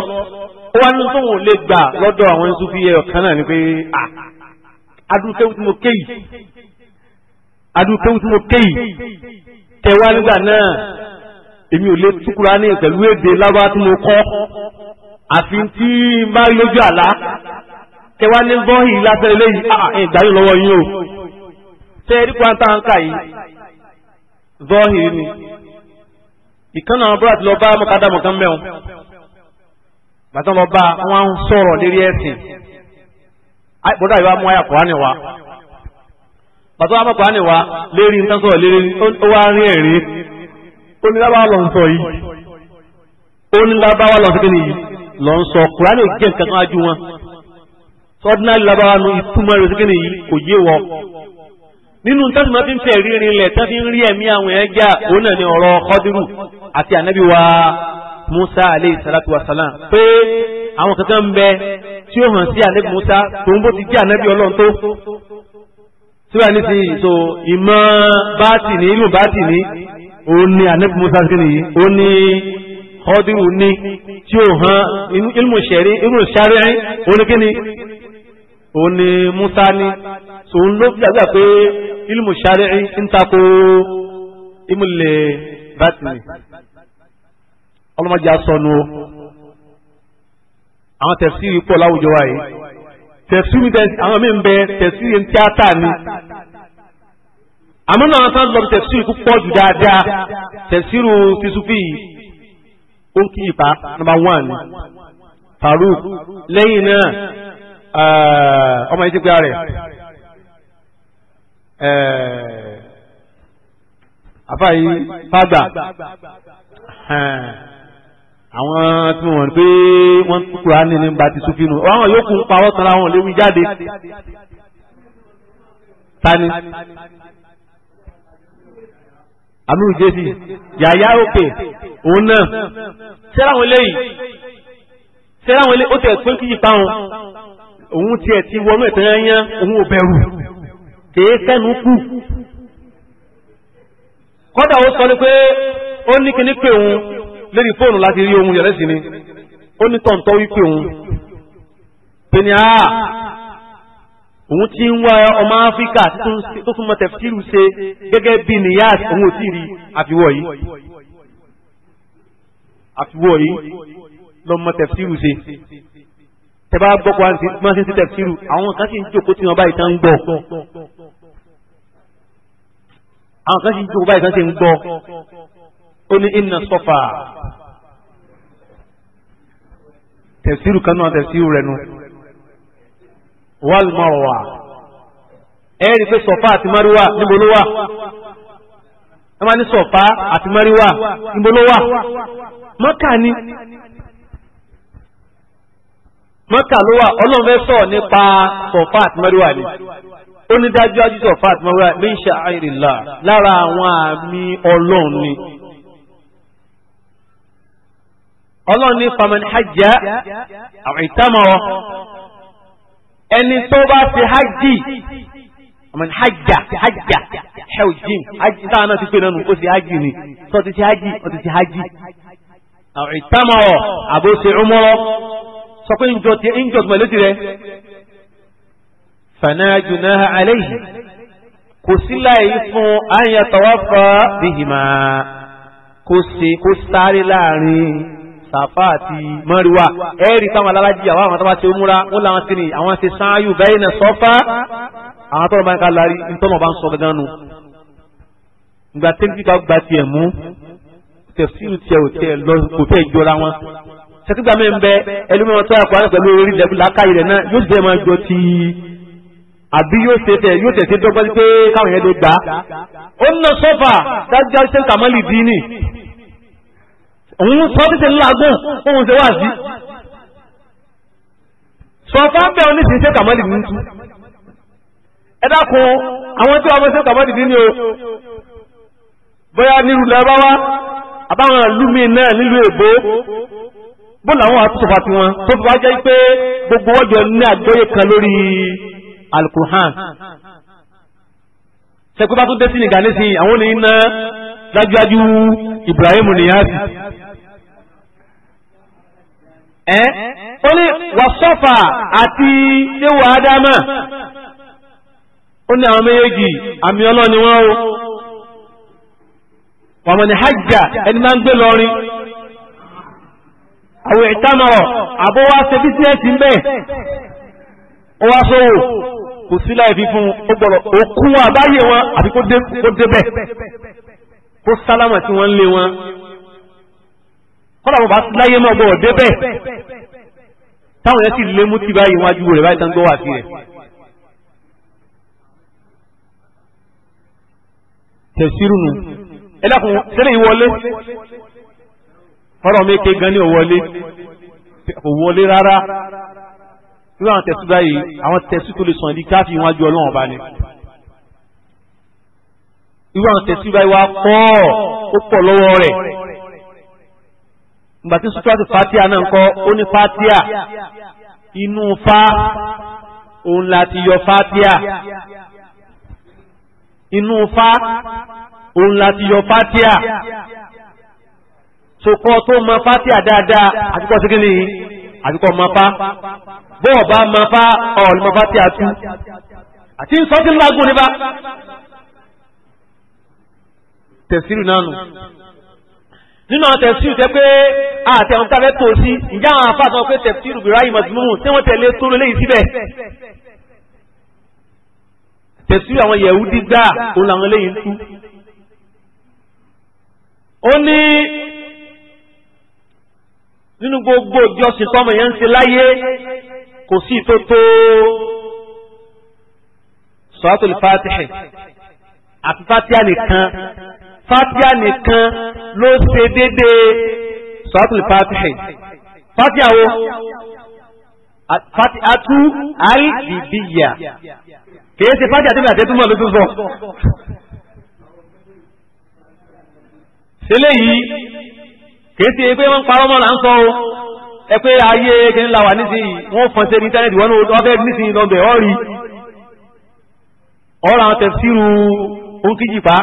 ó wá ní tóun lè gbà lọ́dọ̀ àwọn sufi ẹ̀ ọ̀kan náà ni pé ah adúkéwù tí mo ké yìí adúkéwù tí mo ké yìí tẹ̀wá nígbà náà èmi ò lè túkúra ní pẹ̀lú èdè lábá tí mo kọ́ àfi tí n bá rí lójú àlá tẹ̀wá ní bọ́ọ̀hì lásán eléyìí ìgbàlú lọ́wọ́ yín o tẹ́ ẹ̀rí kwanta ń kà yìí bọ́ọ̀hì ni ìkànnà àwọn bọ́ọ̀tì lọ bá mọ̀kádàmọ̀kán mẹ́wọ̀n bàtà lọ bá wọn sọ̀rọ̀ lérí ẹ̀sìn bọ́dà yìí wá mú àyà kùránì wa bàtà wà mú kùránì wa lérí ní sọ́ọ̀ lérí ó wá rí ẹ̀rí ó ní lábáwá lọ sọ yìí ó ní lábáwá lọ sókè nìyí lọ sọ kùránì ò jẹ́ nǹkan kan ájú wọn sọ́dúnà lábáwá nu ìtumọ̀ rẹ̀ sókè nìyí kò yé wọ nínú tẹ́sí máa fi ń fẹ́ rírin lẹ̀ tẹ́ fi ń rí ẹ̀mí àwọn ẹ̀já òun náà ni ọ̀rọ̀ kọ́dírù àti ànábì wa Musa aleyhi salatu wa salam pé àwọn kankan ń bẹ tí ó hàn sí anabi Musa tòun bó ti jẹ́ anabi ọlọ́run tó síbẹ̀ nísìnyí so ìmọ̀ báàtì ní ìlú báàtì ní òun ni anabi Musa sí nìyí òun ni ọdírù ní tí ó hàn ilmu ṣẹ̀rí ilmu ṣẹ̀rí òun ni kíni òun ni Musa ní so òun ló gbàgbà pé ilmu ṣẹ̀rí ń tako ìmùlẹ̀ báàtì ní ọlọ́mọdé asọ́nu o àwọn tẹ̀síìrì pọ̀ láwùjọ wa yìí tẹ̀síìrì àwọn mí bẹ tẹ̀síìrì tíátà ni àmọ́ náà sáà lọ tẹ̀síìrì púpọ̀ jù dáadáa tẹ̀síìrì fisufi ó kí ipa number one Farouk lẹ́yìn náà eh, ọmọ yìí ti pé rẹ̀ eh, àfàyí fàgbà. Eh, àwọn tí wọ́n pé wọ́n kúránì ní ba ti súnfínú àwọn yòókù ń pa ọ̀tàn àwọn léwu jáde tani amiru jesi yàyà òkè òun náà sẹ́ra àwọn eléyìí sẹ́ra àwọn eléyìí ó tẹ̀ pé kí yìí pa wọn òun tiẹ̀ ti wọnú ẹ̀tẹ́ yẹn òun ò bẹ̀rù kèé sẹ́nu kù kọ́dà ó sọ ni pé ó ní kíní pé òun lérí fóònù láti rí ohun yẹrẹ sí ni ó ní tọ̀ǹtọ̀ wípé òun pé ní a òun ti ń wá ọmọ áfíríkà tó tún mọ tẹfsíìrù ṣe gẹ́gẹ́ bí niyas òun ò tí ì rí àfiwọ́ yìí àfiwọ́ yìí lọ mọ tẹfsíìrù ṣe tẹ́bá gbọ́kọ̀ àti mọ́sí sí tẹ̀síìrù àwọn kan sì ń jókòó tí wọ́n báyìí tán ń gbọ́ àwọn kan sì ń jókòó báyìí tán sì ń gbọ́ Oni inna sọfà nu wal marwa ẹ pé àti mariwa níbo ló wà ẹ máa ní àti mariwa níbo ló wà ni ló wà ọlọ́run fẹ́ nípa àti mariwa ni lára àwọn àmì ọlọ́run ni. ọlọ́run ní faman hajjá àwọn ìtàmọ̀rọ̀ ẹni tó bá ṣe hajji faman hajjá hajjá hajjim hajji táwọn náà ti pè nánu ó ṣe hajji ni tó ti ṣe hajji ó ti ṣe hajji àwọn ìtàmọ̀rọ̀ àbó ṣe ọmọrọ̀ sọ pé njọ ti njọ tó mẹ́lẹ́tì rẹ̀ fana junaha alayhi kò sí láì fún àyàn tọwọ́ fọ́ bíhìmá kò sí kò sáré láàrin sàfà àti mọ́ríwá ẹ̀rí táwọn alárájì àwọn àwọn tó bá ṣe múra wọn làwọn sí ni àwọn ṣe sáyù bẹ́ẹ̀ náà sọ́fà àwọn tó lọ bá ń ká lárí nítorí bá ń sọ gangan nu. ìgbà tẹ́lifí bá gba tiẹ̀ mú tẹ̀síù tiẹ̀ ò tiẹ̀ lọ kò fẹ́ jọra wọn. sẹ́kígbà mi ń bẹ ẹlòmíràn tó yà kó pẹ̀lú orí làákàyè rẹ̀ náà yóò dẹ̀ máa jọ ti àbí yóò ṣe tẹ̀ yóò tẹ̀sí dọ́gbọ́n pé káwọn yẹn lè gbà. ó ń lọ sọ́fà dájú òun sọ títí lágùn òun ṣe wá sí sọ fáńbẹ́ oníṣìí ṣe kàmọ́lì ní tú ẹ dákun àwọn tí wàá mọ̀ ṣe kàmọ́lì ní ni o bóyá nílùú lẹ́bá wá àbáwọn lúmi náà nílùú èbó bó làwọn àtúntòfà tí wọn tó fi wá jẹ́ pé gbogbo ọjọ́ ní àgbóyè kan lórí alukurhan ṣe pé bá tún dé sí nìkan nísìnyí àwọn ò ní ná dájúdájú Ibrahim nìyá sí. ẹ́ ó ní wàsọ́fà àti léwu ádámà ó ní àwọn méjèèjì àmì ọlọ́ni wọn o wàmọ̀ ní hajjá ẹni máa ń gbé lọrin àwọn ìtàmọ̀rọ̀ àbó wá ṣe bísíẹ̀sì ń bẹ̀ ó wá sówò kò sí láì fi fún ó gbọ́dọ̀ òkú àbáyé wọn kó débẹ̀ kọ́lá bàbá láyé mọ́ gbọ́ ọ̀dẹ́ bẹ́ẹ̀ táwọn yẹn sì lé mú ti báyìí wájú rẹ̀ báyìí tán gbọ́ wà sí rẹ̀. tẹ̀sírù nù ẹ dákun sẹ́lẹ̀ yìí wọlé ọ̀rọ̀ mi ké gan ní òwọlé òwọlé rárá nínú àwọn tẹ̀sí báyìí àwọn tẹ̀sí tó lè sàn ní káfí wájú ọlọ́run ọba ni irú àwọn tẹ̀sí báyìí wá pọ̀ ó pọ̀ lọ́wọ́ rẹ̀ ìgbà tí sùtúrà ti fatia náà ń kọ́ ó ní fatia inú fa òun láti yọ fatia inú fa òun láti yọ fatia sokọ tó mọ fatia dáadáa àtikọ́ sí kíni àtikọ́ mọ fa bọ́ọ̀ bá mọ fa ọ̀ọ́lù mọ fatia tú àti sọ́tí ńlá gùn nípa tẹ̀sírì náà nù nínú àwọn tẹ̀síù tẹ́ pé àtẹ̀wọ̀n tàbẹ́ tó sí ìjà àwọn afáàtàn pé tẹ̀síù bìrá ìmọ̀símù tí wọ́n tẹ̀lé tó lé yìí síbẹ̀ tẹ̀síù àwọn yẹ̀wúdí gbà òun làwọn eléyìí ń tú. ó ní nínú gbogbo ìjọsìn tọ́mọ yẹn ń ṣe láyé kò sí tó tó sọ́tòlì fàtìhì àti fàtìhà nìkan fatiha nìkan ló ṣe déédéé sọ́tùlù fatiha fatiha wo fatiha tu alibiya kìí ṣe fatiha tẹ́lẹ̀ àtẹ́tùmọ̀ ló tún sọ. sílẹ̀ yìí kìí ṣe pé wọ́n ń parọ́ mọ́ là ń sọ o ẹ pé ayé kìí la wà nísìnyí wọ́n fọ́n ṣe ní íńtánẹ́ẹ̀tì wọ́n ní ọbẹ̀ nísìnyí lọ́bẹ̀ ọ̀rí ọ̀rọ̀ àwọn tẹ̀síru òǹkìjì pa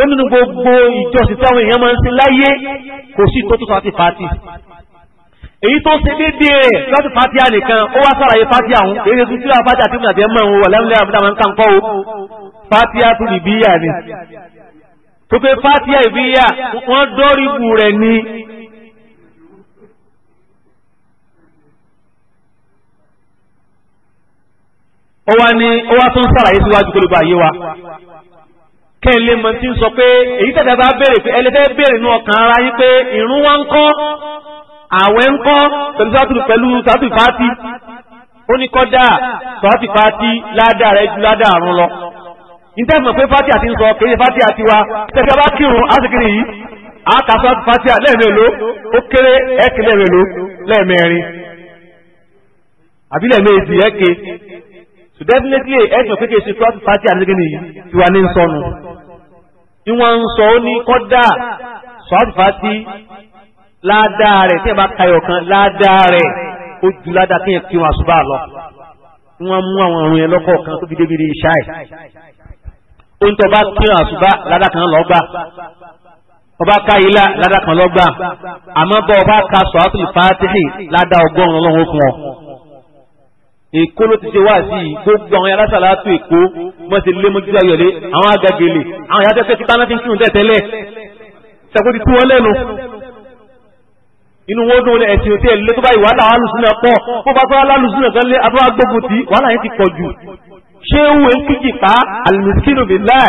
ó nínú gbogbo ìjọsìn táwọn èèyàn máa ń ṣe láyé kò sí tó tó sọ́tì pàtì èyí tó ṣe déédéé rẹ̀ sọ́tì pàtì ànìkan ó wá sàlàyé pàtì àwọn èyí tó ti rà pàtì àti ìmọ̀lẹ́bí ẹ̀ máa ń wọ̀ lẹ́mílẹ́ àbúdá máa ń kàn kọ́ o pàtì àtúndì bíyà ni tó pé pàtì àìbíyà wọ́n dọ́rí bù rẹ̀ ni ó wá ní ó wá tún sàlàyé síwájú kó lè bá yé wa kẹ́lẹ́ mọ̀ tí ń sọ pé èyí tẹ̀dá bá béèrè pé ẹlẹ́fẹ́ béèrè nínú ọkàn ara yín pé ìrún wa ń kọ́ àwẹ̀ ń kọ́ pẹ̀lú sátìlù pẹ̀lú sátìlù fàátì ó ní kọ́dà sátìlù fàátì ládàá rẹ̀ ju ládàá àrùn lọ. níta mọ̀ pé fàátì àti ń sọ kì í ṣe fàátì àti wa tẹ̀síọ́ bá kírun àsìkiri yìí àáka sátìlù fàátì lẹ́ẹ̀mẹ́lò ó kéré ẹ̀kì lẹ́ẹ̀mẹ́lò lẹ́ẹ̀mẹ́rin àbí lẹ́ẹ̀mẹ́jì ẹ̀kì so definitely ẹ̀sìn òkèké ṣe sátìlù fàátì àti ni wọ́n ń sọ ó ní kọ́dà sọ́ọ́tìfàtì ládàá rẹ̀ tí ẹ bá kayọ̀ kan ládàá rẹ̀ ó ju ládàá kí ẹ kí wọn àṣùbà lọ wọ́n mú àwọn ọ̀run yẹn lọ́kọ̀ọ̀kan tó fi débi rí iṣá ẹ̀ ó ń tọ́ bá kí wọn àṣùbà ládàá kan lọ́ gbà ọba ká ilá ládàá kan lọ́ gbà àmọ́ bọ́ ọba ká sọ́ọ́tìfàtì ládàá ọgọ́rùn ọlọ́run ó fún ọ èkó ló ti ṣe wá sí i gbogbo àwọn alásàlá tó èkó wọ́n ti lé mójútó ayọ̀lé àwọn agagèlè àwọn ìyá tẹ́tẹ́ títí aláfi ń kírun tẹ́tẹ́lẹ̀ ṣàkó ti tú wọn lẹ́nu inú wọn dún ẹ̀sìn òtí ẹ̀ lé tó báyìí wàhálà alùsùn náà pọ̀ bó bá fẹ́ alùsùn náà kan abúlé gbógun tí wàhálà yẹn ti pọ̀ jù ṣé òun ń kíjì pa alùsùn bìlá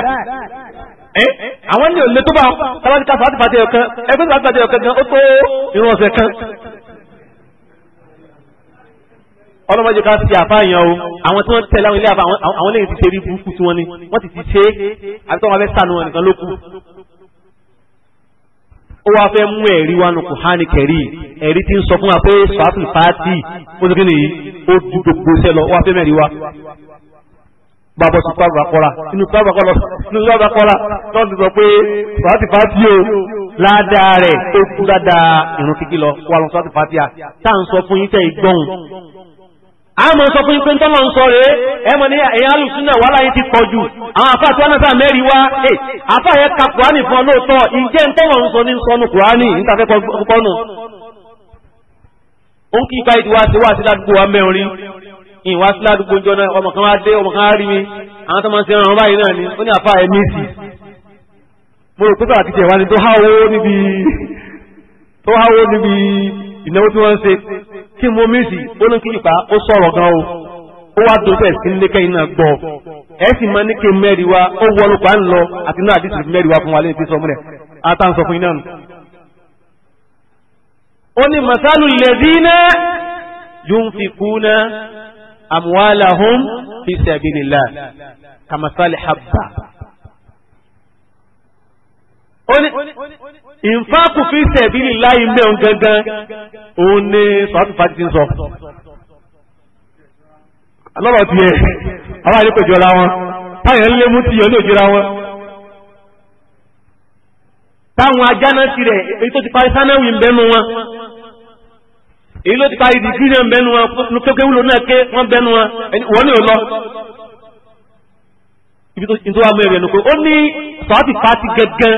àwọn ènìyàn lé tó bá ọlọ́mọdé ká sí àfáàyàn o àwọn tí wọ́n tẹ̀lé àwọn ilé àfa àwọn lẹ́yìn ti ṣe rí burúkú tí wọ́n ní wọ́n ti ti ṣe é àti tọ́wọ́n fẹ́ sànù wọn nìkan ló kù. ó wáá fẹ́ mú ẹ̀rí wa nù kùhání kẹ̀rí ẹ̀rí tí ń sọ fún wa pé sọ́àtù fàátì ó ti kí nìyí ó ju gbogbo iṣẹ́ lọ ó wáá fẹ́ mẹ́rin wa. bàbá sùn pàbà kọ́ra inú pàbà kọ́ra inú pàbà kọ́ra tó ti sọ pé sọ́àtù fàátì o ládàá rẹ̀ ó kú ládàá ìrùn kíkí lọ wà lọ sọ́àtù fàátì à tá à ń sọ fún yín tẹ́ ìgbọ́hùn àmọ́ sọ fún pé tọ́lọ̀ ń sọ rẹ̀ ẹmọ́ ní ẹ̀yà alùsúnà wà láyé ti pọ̀ jù àwọn àfáà tí wọ́n náà mẹ́rin wá ẹ̀ àfáà yẹn ka kùránì fún ọlọ́ọ̀tọ́ ìjẹ́ tọ́lọ̀ ń sọ ní sọnù kùránì nítafẹ́ kọ́nù ó ń kí ipa ìdíwá ti wá sí ládùúgbò wa mẹ́rin ìwá sí ládùúgbò jọ náà ọmọ kan wá dé ọmọ kan wá rí mi àwọn tó máa ń ṣe ẹran báyìí tí mo mí sí ó ní kíjìpá ó sọ̀rọ̀ gan o ó wá tó bẹ́ẹ̀ sí nílé kẹ́yìn náà gbọ́ ẹ sì máa ní kí mẹ́rin wa ó wọnú pa ń lọ àti náà àdìsí mẹ́rin wa fún wa lẹ́yìn tí àtàǹsọ̀ fún iná nù. ó ní masalu lẹ́dínà yunfikuna amwalahum fi sabilillah kamasali habba. ó ní ìnfàkù fi sẹ̀bílì láì mẹ́un gangan òun ni sọ́ọ́tù sọ. alọ́rọ̀ tiẹ̀ àwọn àdìpọ̀ ìjọra wọn táyà ń lé mú tiyọ̀ ní òjìra wọn. táwọn ajáná tirẹ̀ èyí tó ti parí sánáwì bẹ́nu wọn èyí ló ti parí dìgírì ń bẹ́nu wọn kékeré wúlò náà ké wọ́n bẹ́nu wọn lọ. ibi tó wà mú ẹ̀rẹ̀ sọ́ọ́tì fati gẹ́gẹ́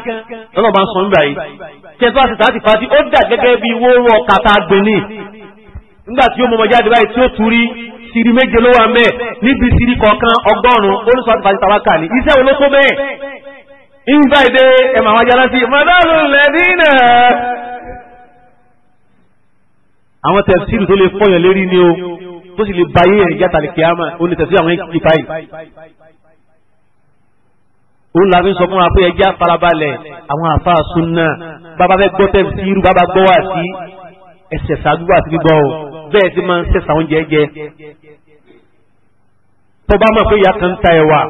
lọ́nà bá ń sọ nígbà yìí tẹ́sán àti ti, fati ó dà gẹ́gẹ́ bí wóró kàtà gbẹ̀ni nígbà tí ó mọmọ jáde báyìí tí ó turi siri méje ló wà mẹ́ níbi siri kọ̀ọ̀kan ọgọ́rùn-ún ó ní sọ́ọ́tì fati tàwa kà ní iṣẹ́ wo ló tó mẹ́ nígbà èdè ẹ̀ màá wájà láti mọ̀dọ́rù lẹ́dínà. àwọn tẹ̀síìrì tó lè fọyàn lérí ni o tó sì lè bayé ẹ̀ òun la fi sọ fún wa pé ẹjẹ́ àfarabalẹ̀ àwọn àfáà súnà bàbá fẹ́ gbọ́ tẹ̀ sí irú bàbá gbọ́ wá sí ẹsẹ̀ ṣàdúrà sí gbígbọ́ o bẹ́ẹ̀ sì máa ń ṣẹ̀ṣà oúnjẹ jẹ. tó bá mọ̀ pé ìyá kan ń ta ẹ̀wà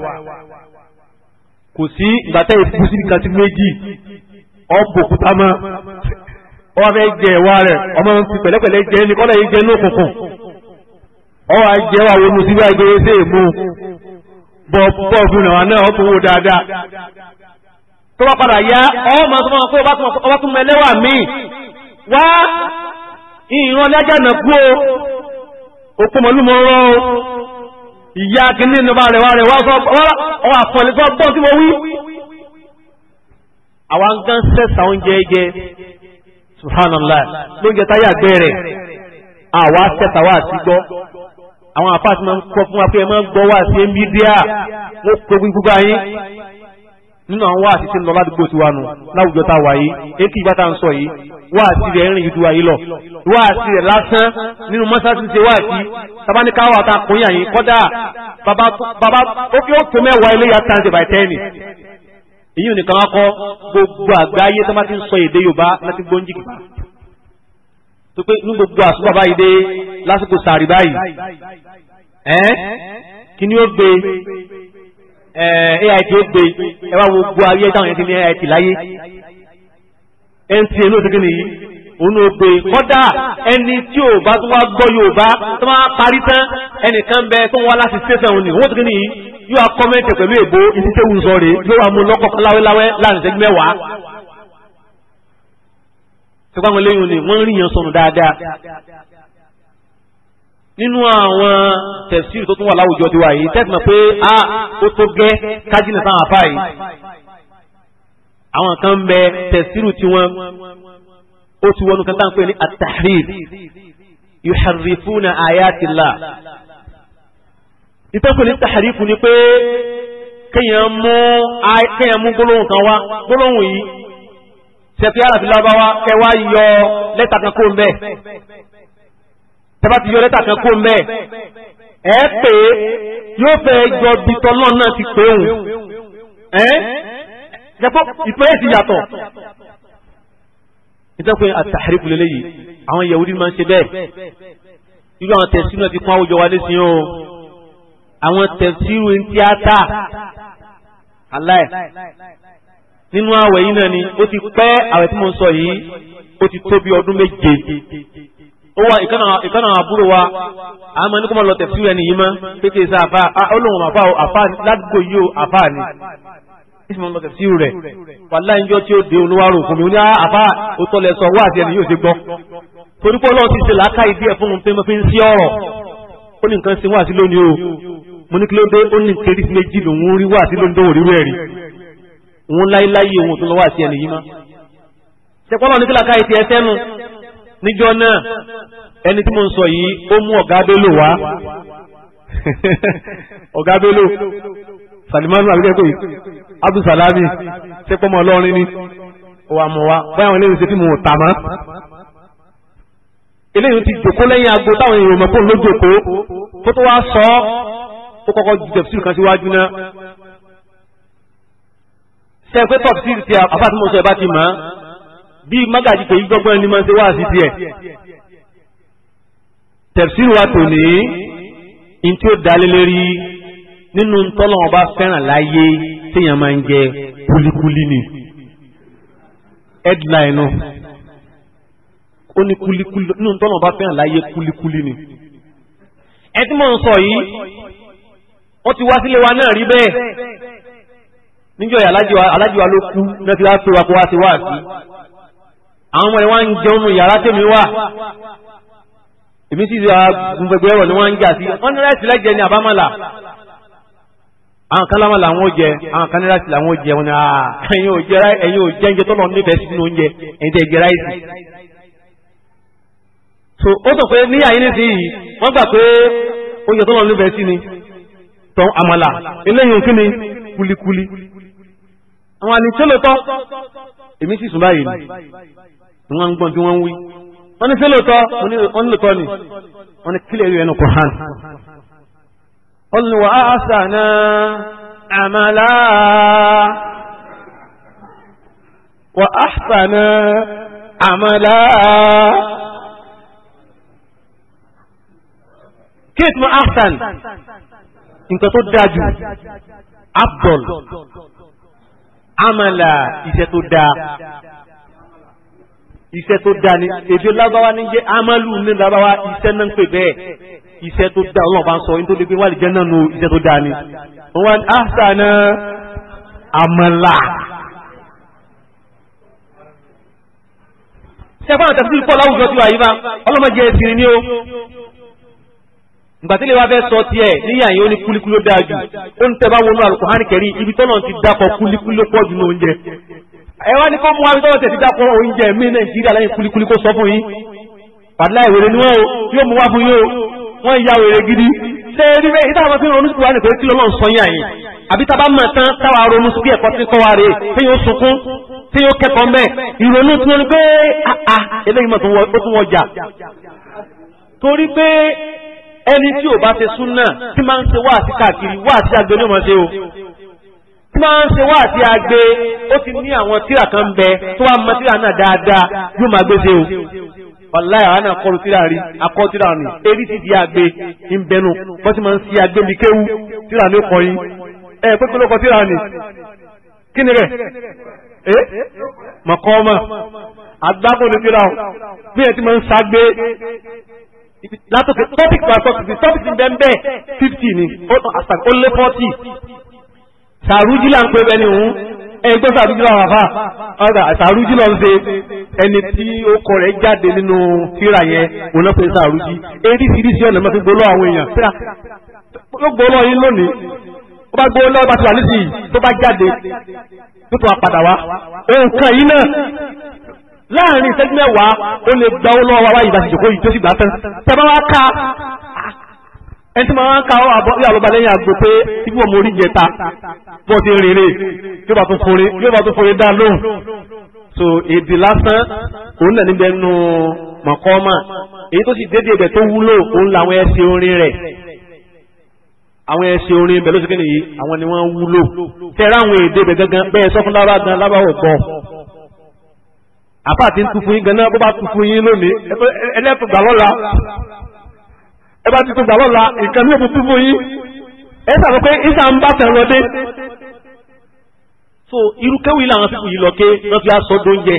kò sí ìgbà tẹ́ ìfú sí nǹkan sí méjì ọ̀bùn òkúta mọ́ ọ wá jẹ ẹ̀wà rẹ̀ ọmọ ń fi pẹ̀lẹ́pẹ̀lẹ́ jẹ ní kọ́lá yìí jẹ ní òkùnkùn ọ wá jẹ wà wọnú síbi àgbèrè sí èmú bọ̀ bọ̀ fún ìrànwọ́ náà ó tún wò dáadáa tó bá padà yá ọmọ tó máa kó ọba tún mẹlẹ́wà míì wá ìran lẹ́jà náà kú o òkú mọ̀lúmọ̀ rọ o ìyá kìíní ní ọba rẹ̀ wá rẹ̀ wá ọ bọ́ mo wí. sẹ́sà oúnjẹ subhanallah lóúnjẹ táyà rẹ̀ àwa àwọn àpá àti máa ń kọ fún wa pé ẹ máa ń gbọ́ wá sí ẹbí díà wọ́n kó gbígbá yín nínú àwọn wá àti tí ń lọ ládùúgbò tiwa nù láwùjọ tá a wà yìí èkì ìgbà tá à ń sọ yìí wá àti rẹ̀ ń rìn ju tiwa yìí lọ wá àti rẹ̀ lásán nínú mọ́sáàsì ṣe wá àti tabaníkàwá àti àkúnyà yìí kọ́dà bàbá ó fi ó mẹ́wàá ilé yàtá ṣe bàí tẹ́ẹ̀nì èyí ò nìkan wá kọ́ gbogbo àgbáyé tó bá ti ń sọ èdè Yorùbá láti gbóńjì kìkà tó pé ní gbogbo àsùbà báyìí dé lásìkò sàrì báyìí ẹ kí ni ó gbé AIT ó gbé ẹ wá wo gbogbo ayé táwọn yẹn ti ní AIT láyé NTA ló ti kí nìyí òun ó gbé kọ́dà ẹni tí ò bá tún wá gbọ́ Yorùbá tó máa parí tán ẹnìkan bẹ tó ń wá láti station òun ni òun ó ti kí nìyí yóò kọ́mẹ́ntì pẹ̀lú èbó ìdíjẹ́wùsọ̀rẹ̀ yóò wá mú lọ́kọ̀ láwẹ́láwẹ́ láàrin ìṣẹ́jú mẹ́wàá ẹ̀kọ́ àwọn eléyìí ni wọ́n rí yẹn sọnù dáadáa nínú àwọn tẹ̀síìrì tó tún wà láwùjọ ti wà yìí tẹ́sí mọ̀ pé a ó tó gẹ́ kájínà sáwọn àfáà yìí àwọn kan ń bẹ tẹ̀síìrì tí wọ́n ó ti wọnú kan tá à ń pè ní at-tahrif yuharrifuna ìtẹ́kùn ní tahrifu ni pé kéèyàn mú gbólóhùn kan wá gbólóhùn yìí sẹ́kẹ́ yàrá fi lọ́wọ́ kẹwàá yọ lẹ́tà kan kó mbẹ́ tẹ́bá ti yọ lẹ́tà kan kó mbẹ́ ẹ pé yóò fẹ́ jọ bitọ́ náà náà ti pé òun ẹ́ jẹ́pọ̀ ìpínlẹ̀ ti yàtọ̀ nítorí àtàríkù lélẹ́yìí àwọn Yahudi máa ń ṣe bẹ́ẹ̀ irú àwọn tẹ̀síìrù náà ti kún àwùjọ wa lẹ́sìn o àwọn tẹ̀síìrù tíátà aláì nínú àwẹ̀ yìí náà ni ó ti pẹ́ àwẹ̀ tí mo ń sọ yìí ó ti tó bí ọdún méje ó wá ìkànnà àbúrò wa àmọ́ ní kó máa lọ tẹ̀síwò ẹni yìí mọ́ pété sá àfa olóhùn àfa àfa ládùúgbò yìí ó àfa ni ìsìn máa lọ tẹ̀síwò rẹ̀ wàláhì ńjọ́ tí ó dé olúwarò fún mi ó ní àfa ó tọ́lẹ̀ sọ wá àti ẹni yóò ti gbọ́ torí pé ọlọ́run ti ṣe làákà ìdí ẹ̀ fún pé mo fi ń sí ọ̀rọ̀ ó ní nǹkan ṣe wá sí lónìí o mo ní kí ló dé ó ní kéré méjì lòún rí wá sí lónìí tó wò rírú ẹ̀ òun láíláyé òun tó lọ́wọ́ àti ẹni yìí mọ́. ṣẹpọ́lọ́ ní kílàkà ètí ẹ sẹ́nu níjọ́ náà ẹni tí mo ń sọ yìí ó mú ọ̀gá bello wá *laughs* ọ̀gá bello salimanu abikẹ́kọ̀ọ́ yìí abdulsalami ṣẹpọ́mọ́ ọlọ́rin ni wà mọ̀ wá báyà wọn eléyìí ṣe tí mo tà mọ́ eléyìí ti jòkó lẹ́yìn aago táwọn èèyàn mọ̀ fóun ló jòkó tó tó wá sọ ó kọ́kọ́ jù tẹ̀síù kan síwájú náà sẹ́yìn pé tọ́pù sí ti àfáàtì mọ̀ sọ ẹ̀ bá ti mọ̀ bí mágàjì pé gbọ́gbọ́n ni máa ń ṣe wá sí tiẹ̀. tẹ̀síìrì wa tò ní in tí ó dalé lérí nínú tọ́lọ́wọ́n bá fẹ́ràn láyé téèyàn máa ń jẹ kulikuli ni headline náà ó ní kulikuli nínú tọ́lọ́wọ́n bá fẹ́ràn láyé kulikuli ni. ẹ tí mò ń sọ yìí wọ́n ti wá sílé wa náà rí bẹ́ẹ̀ níjọ́ yà alájùwà ló kú náà ti wá pé wa kó wá sí wá sí àwọn ọmọ rẹ̀ wá ń jẹun nu yàrá tèmi wà èmi sì ṣe gbogbo ẹ̀rọ ni wọ́n ń jà sí wọ́n ní láti lẹ́jẹ̀ ní àbámọ́là àwọn kan lámà làwọn ò jẹ àwọn kan ní láti làwọn ò jẹ wọn ni ẹ̀yin ò jẹ ẹ̀yin ò jẹ oúnjẹ tó lọ nífẹ̀ẹ́ sí nínú oúnjẹ ẹ̀yin tẹ̀ jẹ ráìsì. so ó sọ pé níyà yín nísìnyí wọ́n gbà pé oúnjẹ tó ni tọ́ àmàlà àwọn àlìtí lóòótọ́ èmi sì sùn báyìí ni wọ́n ń gbọ́n bí wọ́n ń wí wọ́n ní sí lóòótọ́ wọ́n ní lóòótọ́ ni wọ́n ní kílẹ̀ ẹ̀rọ ẹnu kò hàn. olùwà àṣàna àmàlà wà àṣàna àmàlà. kéètì mọ́ àṣàn nǹkan tó dáa jù abdul amala iṣẹ́ tó dáa iṣẹ́ tó dáa ni èdè lágbáwá ní jẹ́ amalu ní lágbáwá iṣẹ́ náà ń pè bẹ́ẹ̀ iṣẹ́ tó dáa ọlọ́run bá sọ yín tó lè náà nu iṣẹ́ tó dáa ni wọ́n wá amala. ṣé fún àtàkùn ìpọ̀ láwùjọ tí wà yí bá ọlọ́mọdé ẹ̀sìn ni ó gbàtílẹ̀ wa fẹ́ sọ tiẹ̀ níyà yìí ó ní kúlíkúlí ó dáa jù ó ń tẹ́bá wọnú Al-Qur'ani kẹrí ibi tọ́nà ti dákọ̀ kúlíkúlí ó pọ̀ jù ní oúnjẹ. ẹ wá ní kó mú abitọ́ tẹ̀ ti dákọ̀ oúnjẹ mi Nàìjíríà lẹ́yìn kúlíkúlí kó sọ fún yín. pàdé ìwèrè ni wọn o yóò mú wá fún yín o wọn ìyá wèrè gidi. ṣé rí bẹ́ẹ̀ ìta àwọn fíìmù oníṣùkú wa nìkan kí lọ́lọ́run sọ yín àyìn àbí tá a bá mọ̀ tán táwa ronú sí ẹ̀kọ́ tí kọ́ wa rè tí yóò sunkún tí yóò kẹ́kọ̀ọ́ mẹ́ ìrònú tí wọ́n ní pé àà ah, ah, eléyìí mọ̀ tó wọ́n jà torí pé ẹni tí ò bá ṣe súnà tí máa ń ṣe wá àti káàkiri wá àti àgbẹ̀ ní ọmọ ṣe o tí máa ń ṣe wá àti àgbẹ̀ ó ti ní àwọn tíra kan bẹ tó wá mọ tíra náà dáadáa yóò máa gbé ṣe o wàláyà àwọn náà kọlu tíra rí akọ tíra rí eré ti di àgbẹ̀ ìbẹnu bọ́n ti máa ń ṣe àgbẹ̀ mi kéwu tíra ní kọrin ẹ pé kólókọ tíra ni kí ni rẹ ẹ mọ̀kọ́ ọmọ àgbákò ní tíra o bí ẹ ti máa ń ṣàgbé látòkè topic by topic topic ń bẹ́ẹ̀ bẹ́ẹ̀ fifty ni ó lé forty sàrújìlá ń pè bẹ́ẹ̀ ni òun ẹgbẹ́ sàrújìlá wà fà ọ̀gá sàrújìlá ń ṣe ẹni tí ó kọ rẹ̀ jáde nínú fíra yẹn òun náà pè sàrújì eríṣiríṣi ọ̀nà máa fi gbólọ́ àwọn èèyàn fíra ló gbólọ́ yín lónìí ó bá gbólọ́ lọ́wọ́ bá ti wà nísìnyí tó bá jáde tó tó wà padà wá òun kan yìí náà láàrin ìṣẹ́jú mẹ́wàá ó lè gba ó lọ́wọ́ wáyé ìbáṣe ìjòkó yìí tó sì gbà tán tẹ́bá wá ká ẹni tí máa ń ká ọ̀rọ̀ àlọ́ba lẹ́yìn àgbo pé ibi wọn mórí jẹta bọ́ ti rèrè yóò bá tún fore yóò bá tún fore dá lóhùn so èdè lásán òun náà níbẹ̀ nu mọ̀kọ́mà èyí tó sì dédé ibẹ̀ tó wúlò òun làwọn ẹsẹ̀ orin rẹ̀ àwọn ẹsẹ̀ orin ibẹ̀ ló sì kéde yìí àwọn ni wọ́n wúlò fẹ́ràn àwọn èdè ibẹ̀ gangan bẹ́ẹ̀ sọ fún lábàá gan lábàá ò gbọ́ àbá àti ń tu fún yín ganan bó bá tu fún yín lónìí ẹlẹ́tùn gbà lọ́la ẹ bá ti tu gbà lọ́la nǹkan ní òkú fún yín ẹ sàrò pé ìsà ń bá tẹ̀wọ́n dé. so irú kéwì làwọn fífi yìí lọ ké wọn fi aṣọ dóúnjẹ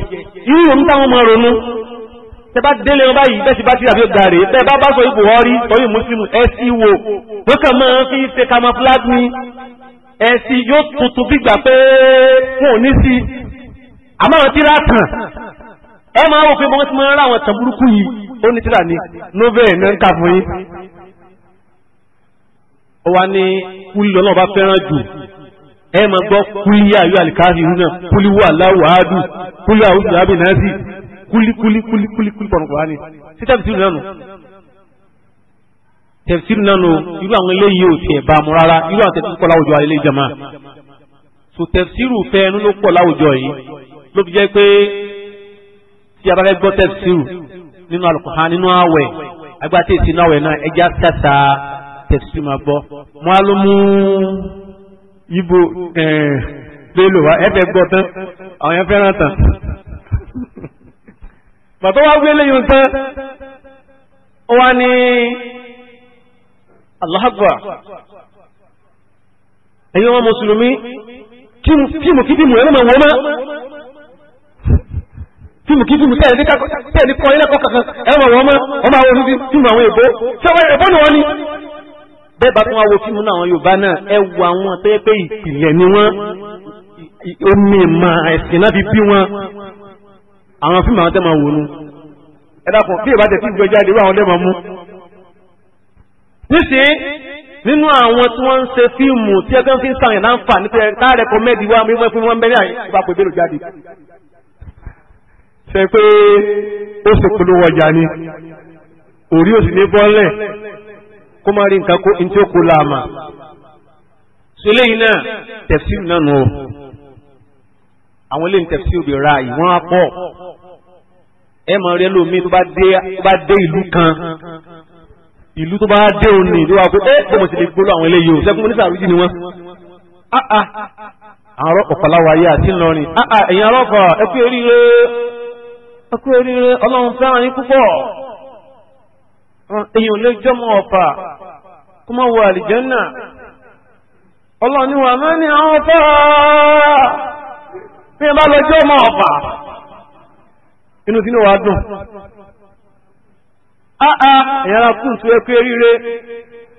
irú yòówù táwọn máa ronú tẹ bá délé wọn báyìí bẹ́ẹ̀ sì bá ti rà fi gàrè bẹ́ẹ̀ bá bá sọ ipò ọrí tọ́yì mùsùlùmù ẹ sì wò wọn kàn máa fi ṣe camouflage ni ẹ sì yóò tuntun bí gbà pé wọn ò ní sí àmọ́ àwọn tí ra tàn ẹ máa wò pé wọ́n ti máa ń rà àwọn tàn burúkú yìí ó ní tíra ní novel ní ń kà fún yín. ó wá ní kúlì lọ́nà bá fẹ́ràn jù ẹ máa gbọ́ kúlì yá ayọ́ àlìkáàfì rúnà kúlì wà láwù áádù kúlì àwọn oṣù àbí náà sì kúlì kúlì kúlì kúlì kúlì pọ̀npọ̀ wá ní. sí tẹ̀síìrì náà nù tẹ̀síìrì náà nù irú àwọn eléyìí ò tiẹ̀ bá mu rárá irú àwọn tẹ̀síìrì kọ́ láwùjọ tí a bá fẹ́ gbọ́ tẹ̀síù nínú alùpùpù nínú àwẹ̀ agbátẹ̀ ìsinú àwẹ̀ náà ẹja sàtà tẹ̀síù máa gbọ́ mo á ló mú ibo lélo wa ẹ fẹ́ gbọ́ tán àwọn yẹn fẹ́ràn tán bàtọ́ wa gbé léyìn tán ó wá ní Allahu ẹ̀yin ọmọ mùsùlùmí kí mo kí bí mo ẹ̀rọ máa wọ́n fíìmù kí fíìmù tẹ́ẹ̀ ní kakọ́ tẹ́ẹ̀ ní kọ́ ilé ẹ̀kọ́ kankan ẹ̀rọ wọn mọ́ ọmọ àwọn olùdí fíìmù àwọn èbó sọ́wọ́ èbó ni wọ́n ní. bẹ́ẹ̀ bá tún wá wo fíìmù náà àwọn Yorùbá náà ẹ wo àwọn tó yẹ pé ìpìlẹ̀ ni wọ́n omi ìmọ̀ ẹ̀sìn náà fi bí wọn àwọn fíìmù àwọn tẹ́ máa wò nu. ẹ dákun bí ìbá tẹ fíìmù gbẹ jáde wọ́n àwọn tẹ́ máa mú. níṣìí nínú àwọn tí wọ́n ń ṣe fíìmù tí ẹgbẹ́ fi ń sàyàn láǹfààní tẹ́ tá a rẹ̀ kọ́ mẹ́ẹ̀dì wá mímọ́ fún wọn bẹ́ẹ̀ ní àyè ìbá pẹ̀lú jáde ṣe pé ó sì polówó ọjà ni orí òsì ní bọ́ọ̀lẹ̀ kó má rí nǹkan kó ní tí ó kó láàmà ṣẹlẹ̀ yìí náà tẹ̀síù náà nù àwọn eléyìí tẹ̀síù bí ra ìwọ́n á pọ̀ ẹ mọ̀ rí ẹlòmíì tó bá dé ìlú kan ìlú tó bá dé òní ló wà pé ẹ bó mo ti lè gbóló àwọn eléyìí o sẹ́kùn oníṣà àrùjì ni wọ́n. Ah, ah. àwọn ọ̀pọ̀lọpọ̀ ayé àti ńlọrin ah, ẹ̀yin arọ́kọ̀ ẹ kú eríire ọkú oríire ọlọ́run fẹ́ràn yín púpọ̀ èyàn lè jọmọ ọ̀fà kó má wọ àlìjẹ́nà ọlọ́run ní wàá mẹ́ni àwọn ọ̀fà bí ẹ bá lọ jọmọ ọ̀fà inú kí ni wàá dùn. Àà èèyàn kú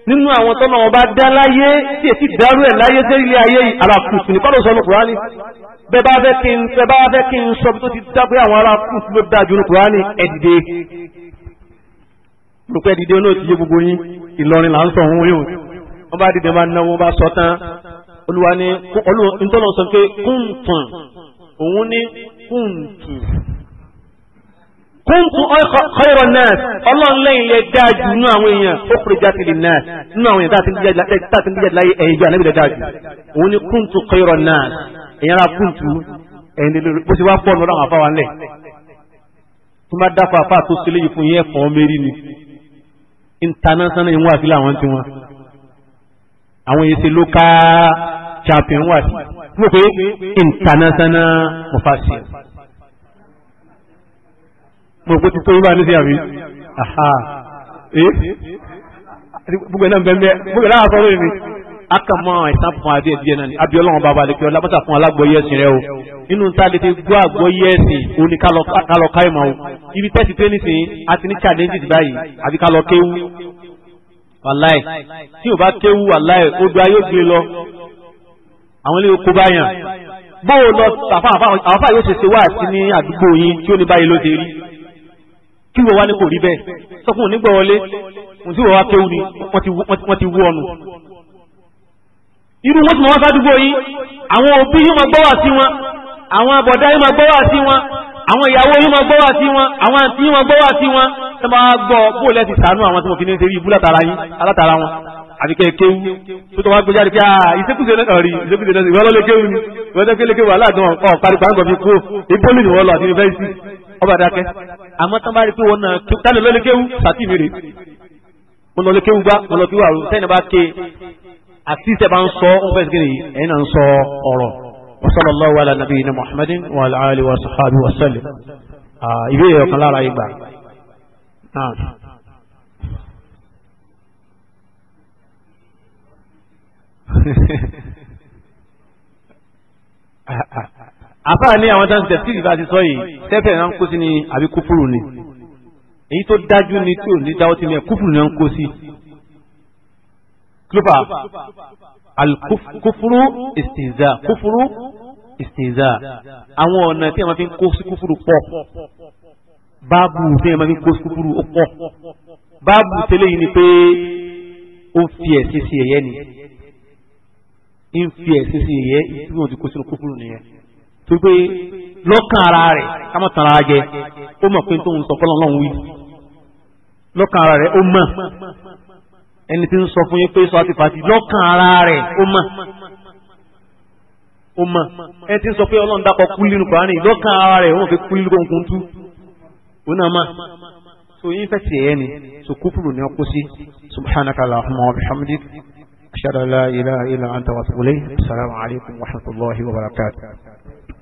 nínú àwọn tọ́nà ọba dá láyé tí èsì dárú ẹ̀ láyé sí ilé ayé yìí alákùsù ní kọ́lọ̀ sọ́nù kùránì bẹ́ẹ̀ bá fẹ́ kí n fẹ́ bá fẹ́ kí n sọ bí tó ti dá pé àwọn alákùsù ló dáa ní kùránì ẹ̀dìdè rúpẹ́ ẹ̀dìdè náà ti yé gbogbo yín Ìlọrin là ń sọ òun yóò wọ́n bá dìde máa náwó bá sọ tán olúwa ni ntọ́nà sọ pé kúntùn òun ní kúntù kúntù khayra nas ọlọ́run lẹ́yìn lẹ dáàjù nínú àwọn èèyàn ó pèrè jáde lè náà nínú àwọn èèyàn táàtì ń díjáde láyé ẹ̀yìn jẹ́ ànábì lẹ dáàjù òun ni kúntù khayra nas èèyàn ra kúntù ẹ̀yìn lè bó ṣe wá pọ̀ nù ọlọ́run àfáwà ńlẹ̀ tó má dákọ̀ àfá tó ṣe léyìí fún yẹn fọ́n mérí ni international ìwọ̀n àti làwọn ti wọn àwọn èsì local champion wà sí wọ́n pé international mufasir mo kó ti tó yín bá ní sí àbí aha ee eh? gbogbo ẹ̀ náà bẹ́ẹ̀ bẹ́ẹ̀ gbogbo ẹ̀ náà mi aka mọ àìsàn fún adé díẹ̀ náà ni abiola wọn bàbá àdékè ọlábàtà fún alágbọ̀yé ẹ̀sìn rẹ o inú ta lè fi gbọ́ àgbọ̀yé ẹ̀sìn òní kálọ ká ìmọ̀ o ibi tẹ́sí pé nísìnyí a ti ní challenges báyìí àbí kálọ kéwú wàláì tí o bá kéwú wàláì odò ayé gbé lọ àwọn ilé oko báyàn bó o lọ àwọn àfáà yóò ṣe ṣe wá sí ní àdúgbò yín tí ó ní báyìí ló ṣe rí kí wọ́n wá ní kò rí bẹ́ẹ̀ sọ fún onígbà wọlé mo sì wọ́n wá kéwù ni wọ́n ti wú ọnu. irú wọn tí wọn sádùúgbò yìí àwọn òbí yìí máa gbọ́wà sí wọn àwọn àbọ̀dá yìí máa gbọ́wà sí wọn àwọn ìyàwó yìí máa gbọ́wà sí wọn àwọn àǹtí yìí máa gbọ́wà sí wọn tó máa gbọ́ bó lẹ́ ti sànú àwọn tí mo fi ní ṣeré ibú látara yín alátara wọn àti kẹ́ kéwù tó tó wá gbé jáde pé ah ìṣekúṣe náà rí ìṣekúṣe náà rí ìwọ́n lọ́lẹ́ kéwù ni ìwọ́n lọ́lẹ́ kéwù wàhálà gan ọ̀ parí pàǹgọ̀ mi kú ìpólì ni wọ́n lọ àti yunifásitì ọba dákẹ́ àmọ́ tán bá rí pé wọn náà tálẹ̀ lọ́lẹ́ kéwú sàtì mi rè wọn lọ́lẹ́ kéwú gbá wọn lọ́ kéwú àrò sẹ́ni bá ké àti ìṣẹ́ bá ń sọ wọn fẹ́ẹ́ sẹ́ni ẹ̀yin náà ń sọ ọ̀rọ̀ wasallallahu ala nabiyina muhammadin wa ala wa sahbihi wa sallam ìbéèrè ọ̀kan lára ìgbà. *laughs* Ah ah àfáà ní àwọn táwọn tẹ̀sí ìgbà ti sọ yìí tẹ́fẹ̀ náà ń kó sí ni àbí kúfúrú ni èyí tó dájú ni tí ò ní dáwọ́ ti ni ẹ̀ kúfúrú náà ń kó sí. kílófà kúfúrú ìsìnzà kúfúrú ìsìnzà àwọn ọ̀nà tí a máa fi ń kó sí kúfúrú pọ̀ báàbù tí a máa fi ń kó sí kúfúrú ó pọ̀ báàbù tẹ́lẹ̀ yìí ni pé ó fi ẹ̀sìn sí ẹ̀yẹ́ ni ń fi ẹ̀sìn sí ẹ̀yẹ́ ìtumọ̀ ti kó sínú kúfúrú nìyẹn tó pé lọ́kàn ara rẹ̀ ká má tan ara jẹ ó mọ̀ pé tóun sọ fọlọ́n lọ́hùn wí lọ́kàn ara rẹ̀ ó mọ̀ ẹni tí ń sọ fún yín pé sọ àti fàtí lọ́kàn ara rẹ̀ ó mọ̀ ó mọ̀ ẹni tí ń sọ pé ọlọ́run dákọ̀ kú nínú kùránì lọ́kàn ara rẹ̀ ó mọ̀ pé kú nínú tú òun náà mọ̀ so yín fẹ́ tiẹ̀ yẹn ni so kúfùrù ni ọkọ sí subhanaka allahumma wa bihamdik ashhadu an la ilaha illa anta wa atubu ilayk assalamu alaykum wa rahmatullahi